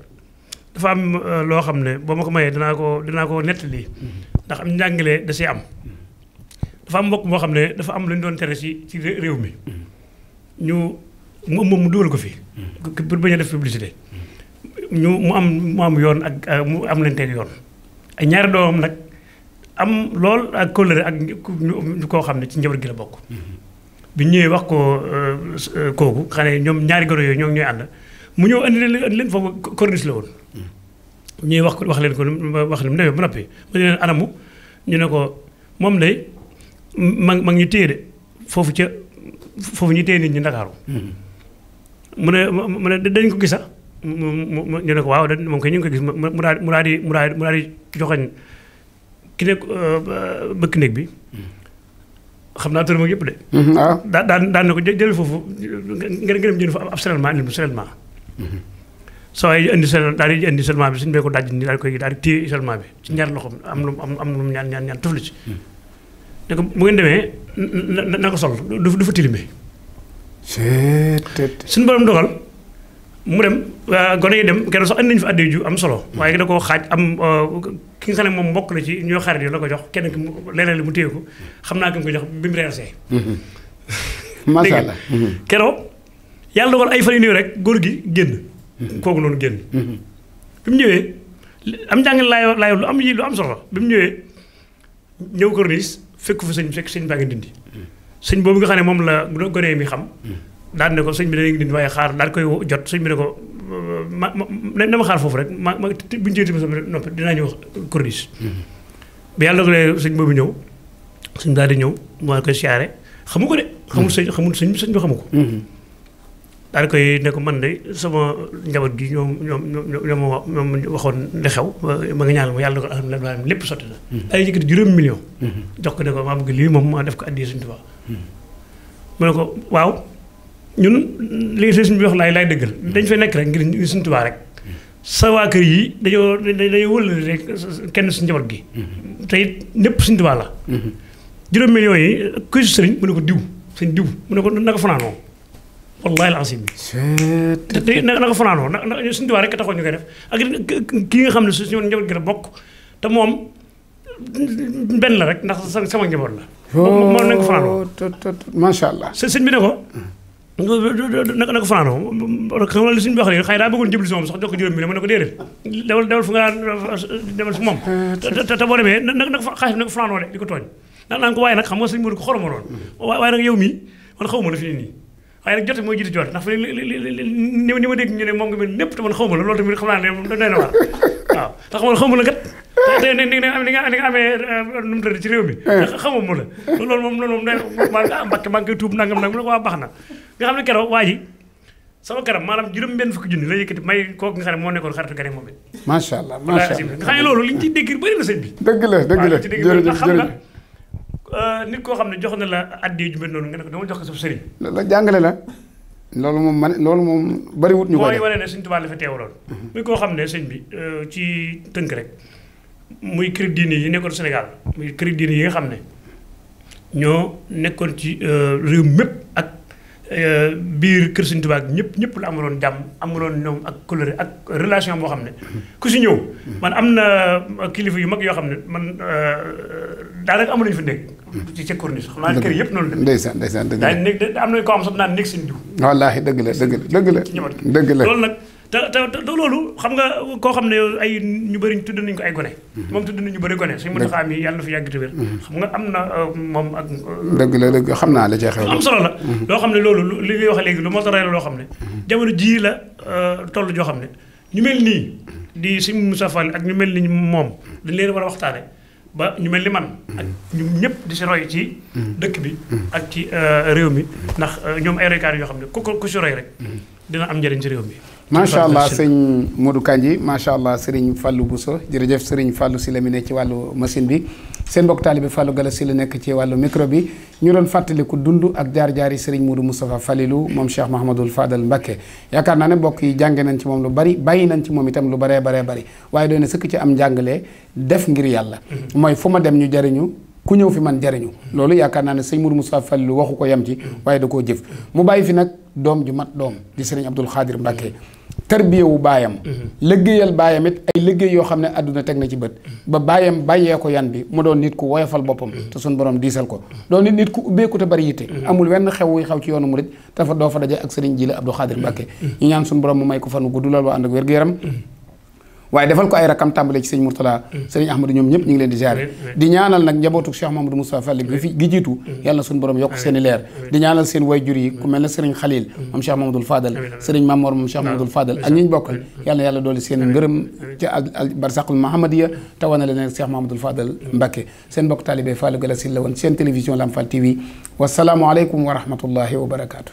Speaker 3: dafa am euh, loo xam ne boo ma ko mayee danaa ko dinaa ko nettali mm-hmm. ndax am njàngale da see am dafa am mbokk moo xam ne dafa am lu ñu doon tere ci ci réew mi ñu mu moom mu dugal ko fi. Mm. pour bañ a def publicité. ñu mu am mu am yoon ak mu am leen teg yoon. ay ñaari doom nag am lool ak kóllëre ak ñu koo xam ne ci njaboot gi bokk. Mm-hmm. bi ñëwee wax ko euh, kooku xam ne ñoom ñaari goro yooyu ñoo ñooy ànd mu ñëw andi leen andi leen la woon.
Speaker 5: Mm.
Speaker 3: ñuy wax wax leen ko wax leen mu demee mu ne anamu ñu ne ko moom day mag mag ñu téye de foofu ca foofu ñu téye nit ñu Ndakaaru mm-hmm. mu ne mu ne dañ ko gis sax mu ñu ne waaw da moom koy ñu ngi ko gis mu daal mu daal di mu daal di mu daal di joxoñ ki nekk euh, bëkk bi mm-hmm. xam naa tërëm ak yëpp de mm-hmm. ah. daa daan daan ko jël foofu nga nga dem jënd fa ab seulement indi seulement soo ay indi seulement daal di indi seulement bi suñu bee ko daj ni daal koy daal di téye seulement bi ci ñaar loxo am lu am lu ñaan ñaan ñaan tufli ci ne ko bu ngeen demee na na ko sol du fa tilime. suñu borom dogal mu dem gone yi dem kenn sax andi nañu fa adde ju am solo. Mm. waaye da koo xaaj am euh, ki nga xam ne moom mbokk la ci ñoo xarit yi la ko jox kenn ki mu leneen li mu téye ko xam naa ki mu ko jox bi mu reersee.
Speaker 5: Mm-hmm. macha allah mm-hmm.
Speaker 3: keroog yàlla dogal ay fan yu néew rek góor gi génn. Mm-hmm. kooku noonu génn. bi mu ñëwee am njàng laay laay lu am yi lu am solo bi mu ñëwee ñëw corniche. fekk fa sëñ bi fekk sëñ baa ngi dindi sëñ boobu nga xam ne moom la gone mi xam daan ne ko sëñ bi da ngi dindi waaye xaar daal koy jot sëñ bi ne ko ma na ma xaar foofu rek ma ma bu ñu jëlee sama noppi dinaa ñëw corniche bi yàlla dogalee sëñ boobu ñëw sëñ daal di ñëw moo koy siyaare xamu ko de xamul sëñ xamul sëñ bi sëñ bi xamu ko daal koy ne ko man de sama njaboot gi ñoom ñoom ñoom ñoom waxoon li xew ma nga ñaanal ma yàlla ko lépp sotti na. Mm-hmm. ay yëkkati juróom million. Mm-hmm. jox ko ne ko maa bëgg lii moom
Speaker 5: mm-hmm.
Speaker 3: waaw ñun li Sëriñ bi wax laay laay dañ fay nekk rek ngir Sëriñ rek. sa waa kër yi dañoo dañoo wëlal kenn si njaboot gi. te it lépp Sëriñ Tuubaa la. juróom million yi kuy sëriñ mu ne ko diw sëriñ diw mu ne ko naka fanaanoo wallahi alazim te tey na ko fanaanoo na na suñu tubaab rek taxoon ñu koy def ak kii nga xam ne suñu njaboot gi la bokk te moom benn la rek ndax sama njaboot la moom na nga ko fanaanoo
Speaker 2: oh, macha allah
Speaker 3: sëñ bi ko na na ko fanaanoo xam nga li suñu wax xëy daa bëggoon jublu sax jox ko juróom bi ne ma ne ko déedéet na na ko fanaanoo de di ko tooñ ndax naan ko waaye nag xam nga sëñ Modou ko xoromaloon mm-hmm. waaye nag yow mii man xaw ma la fi nii waaye nag jote mooy jiitu joote ndax fi ni ni ma dégg ñu ne moom nga mel lépp te man xaw ma la loolu tamit xam naa ne doy na waar waaw la euh, eh. xaw loolu na nga xam ne moo nekkoon xaritu gane moom it
Speaker 2: macha allah
Speaker 3: li ñu ciy dégg bëri na sëñ bi
Speaker 2: dëgg la dëgg la jërëjëf jërëjëf
Speaker 3: Euh, nit koo xam ne jox na la addi ju noonu nga ne ko dama jox ko sa sëriñ.
Speaker 2: la jàngale la. loolu moom man loolu moom bariwut ñu ko mooy
Speaker 3: wane ne sëñ Tuubaa la teewaloon. Mhm. muy koo xam ne sëñ bi euh, ci tënk rek muy kër yi nekkoon Sénégal muy kër diine yi nga xam ne ñoo nekkoon ci euh, réew mépp ak Euh, biir kër Sëriñ Tuubaa ñëpp ñëpp lu amaloon jàmm amaloon ñoom ak couleur ak relation boo xam ne ku si ñëw man am na kilifa yu mag yoo xam ne man euh, daanaka amuluñu fi nekk ci ci corniche xam naa kër yëpp noonu la ndeysaan
Speaker 2: ndeysaan dëgg la am nañ ko am sax naan nekk seen diw wallaahi dëgg la dëgg la dëgg la dëgg la
Speaker 3: te te loolu xam nga koo xam ne ay ñu bëri tudd nañ ko ay gone. Mhm. moom tudd nañu ñu bëri gone suñu mën xam yi yàlla na fi yàgg te mhm. xam nga am na euh, moom ak. Euh, dëgg la
Speaker 2: dëgg xam naa la cee xew. am solo la. Mhm.
Speaker 3: loo xam ne loolu li ngay wax léegi lu mot a rey loo xam ne. jamono jii la euh, tollu joo xam ne ñu mel nii di si Moussa Fall ak ñu mel ni moom dañ leen war a waxtaane ba ñu mel ni man ak ñu ñëpp di si roy ci dëkk bi ak ci réew mi ndax ñoom ay roykaar yoo xam ne ku ko ku si roy rek dina am njëriñ si réew mi
Speaker 2: macha allah sëñ Modou Kandji macha allah sëriñ Fallou Bousso jërëjëf sëriñ fàllu si la mi ne ci wàllu machine bi seen mbokk taalibe Fallou Gala si la nekk ci wàllu micro bi ñu doon fàttaliku dund ak jaar-jaari sëriñ Modou Moustapha Falilou moom Cheikh Mahamadul Fadal Mbacké yaakaar naa ne mbokk yi jànge nañ ci moom lu bari bàyyi nañ ci moom itam lu baree baree bari waaye doone sëkk ci am njàngale def ngir yàlla mm-hmm. mooy fu ma dem ñu jariñu ku ñëw fi man jariñu mm-hmm. loolu yaakaar naa ne sëñ Mourou Moussa Fallu waxu ko yam ci mm-hmm. waaye da koo jëf mu bàyyi fi nag doom ju mat doom di sëriñ Abdul Xaadir Mbàkke tarbiyewu baayam mhm. liggéeyal baayam it ay liggéey yoo xam ne àdduna teg na ci bët mhm. ba baayam bàyyee ko yan bi mu doon nit ku woyofal boppam mhm. te suñ borom diisal ko doon nit nit ku ubbeeku te bari yitte amul wenn xew wuy xaw ci yoonu mu murid dafa doo fa daje ak sëriñ Jili Abdou Khadir Mbacke ñu ñaan suñu borom mu may ko fan gudd lool waa ànd ak wér-gu-yaram waaye defal ko ay rakam tàmbalee ci sëñ Mourtada mm. sëriñ Ahmadou ñoom ñëpp ñu ngi leen di ziare di ñaanal nag njabootu Cheikh Mahamadou Moustapha Fall gi fi gi jiitu mm. yàlla na suñu yokk seen leer di ñaanal seen wayjur yi ku mel ne sëriñ Khalil mm. moom Cheikh Mahamadou Fadal sëriñ Mamor moom Cheikh Mahamadou Fadal ak ñi ñu bokkal yàlla na yàlla dooli seen ngërëm ci ak barsaqul Mahamadiya tawana leen Cheikh Mahamadou Fadal Mbacké seen bokk taalibé Fallou Gala Sylla woon seen télévision Lamp Fall TV wasalaamu aleykum wa rahmatullahi wa barakaatu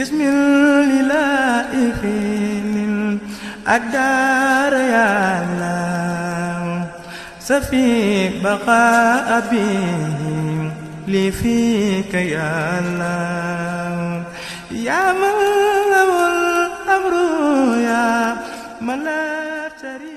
Speaker 1: بسم الإله من الدار يا الله سفي بقاء به لي فيك يا الله يا من له الأمر يا من لا شريك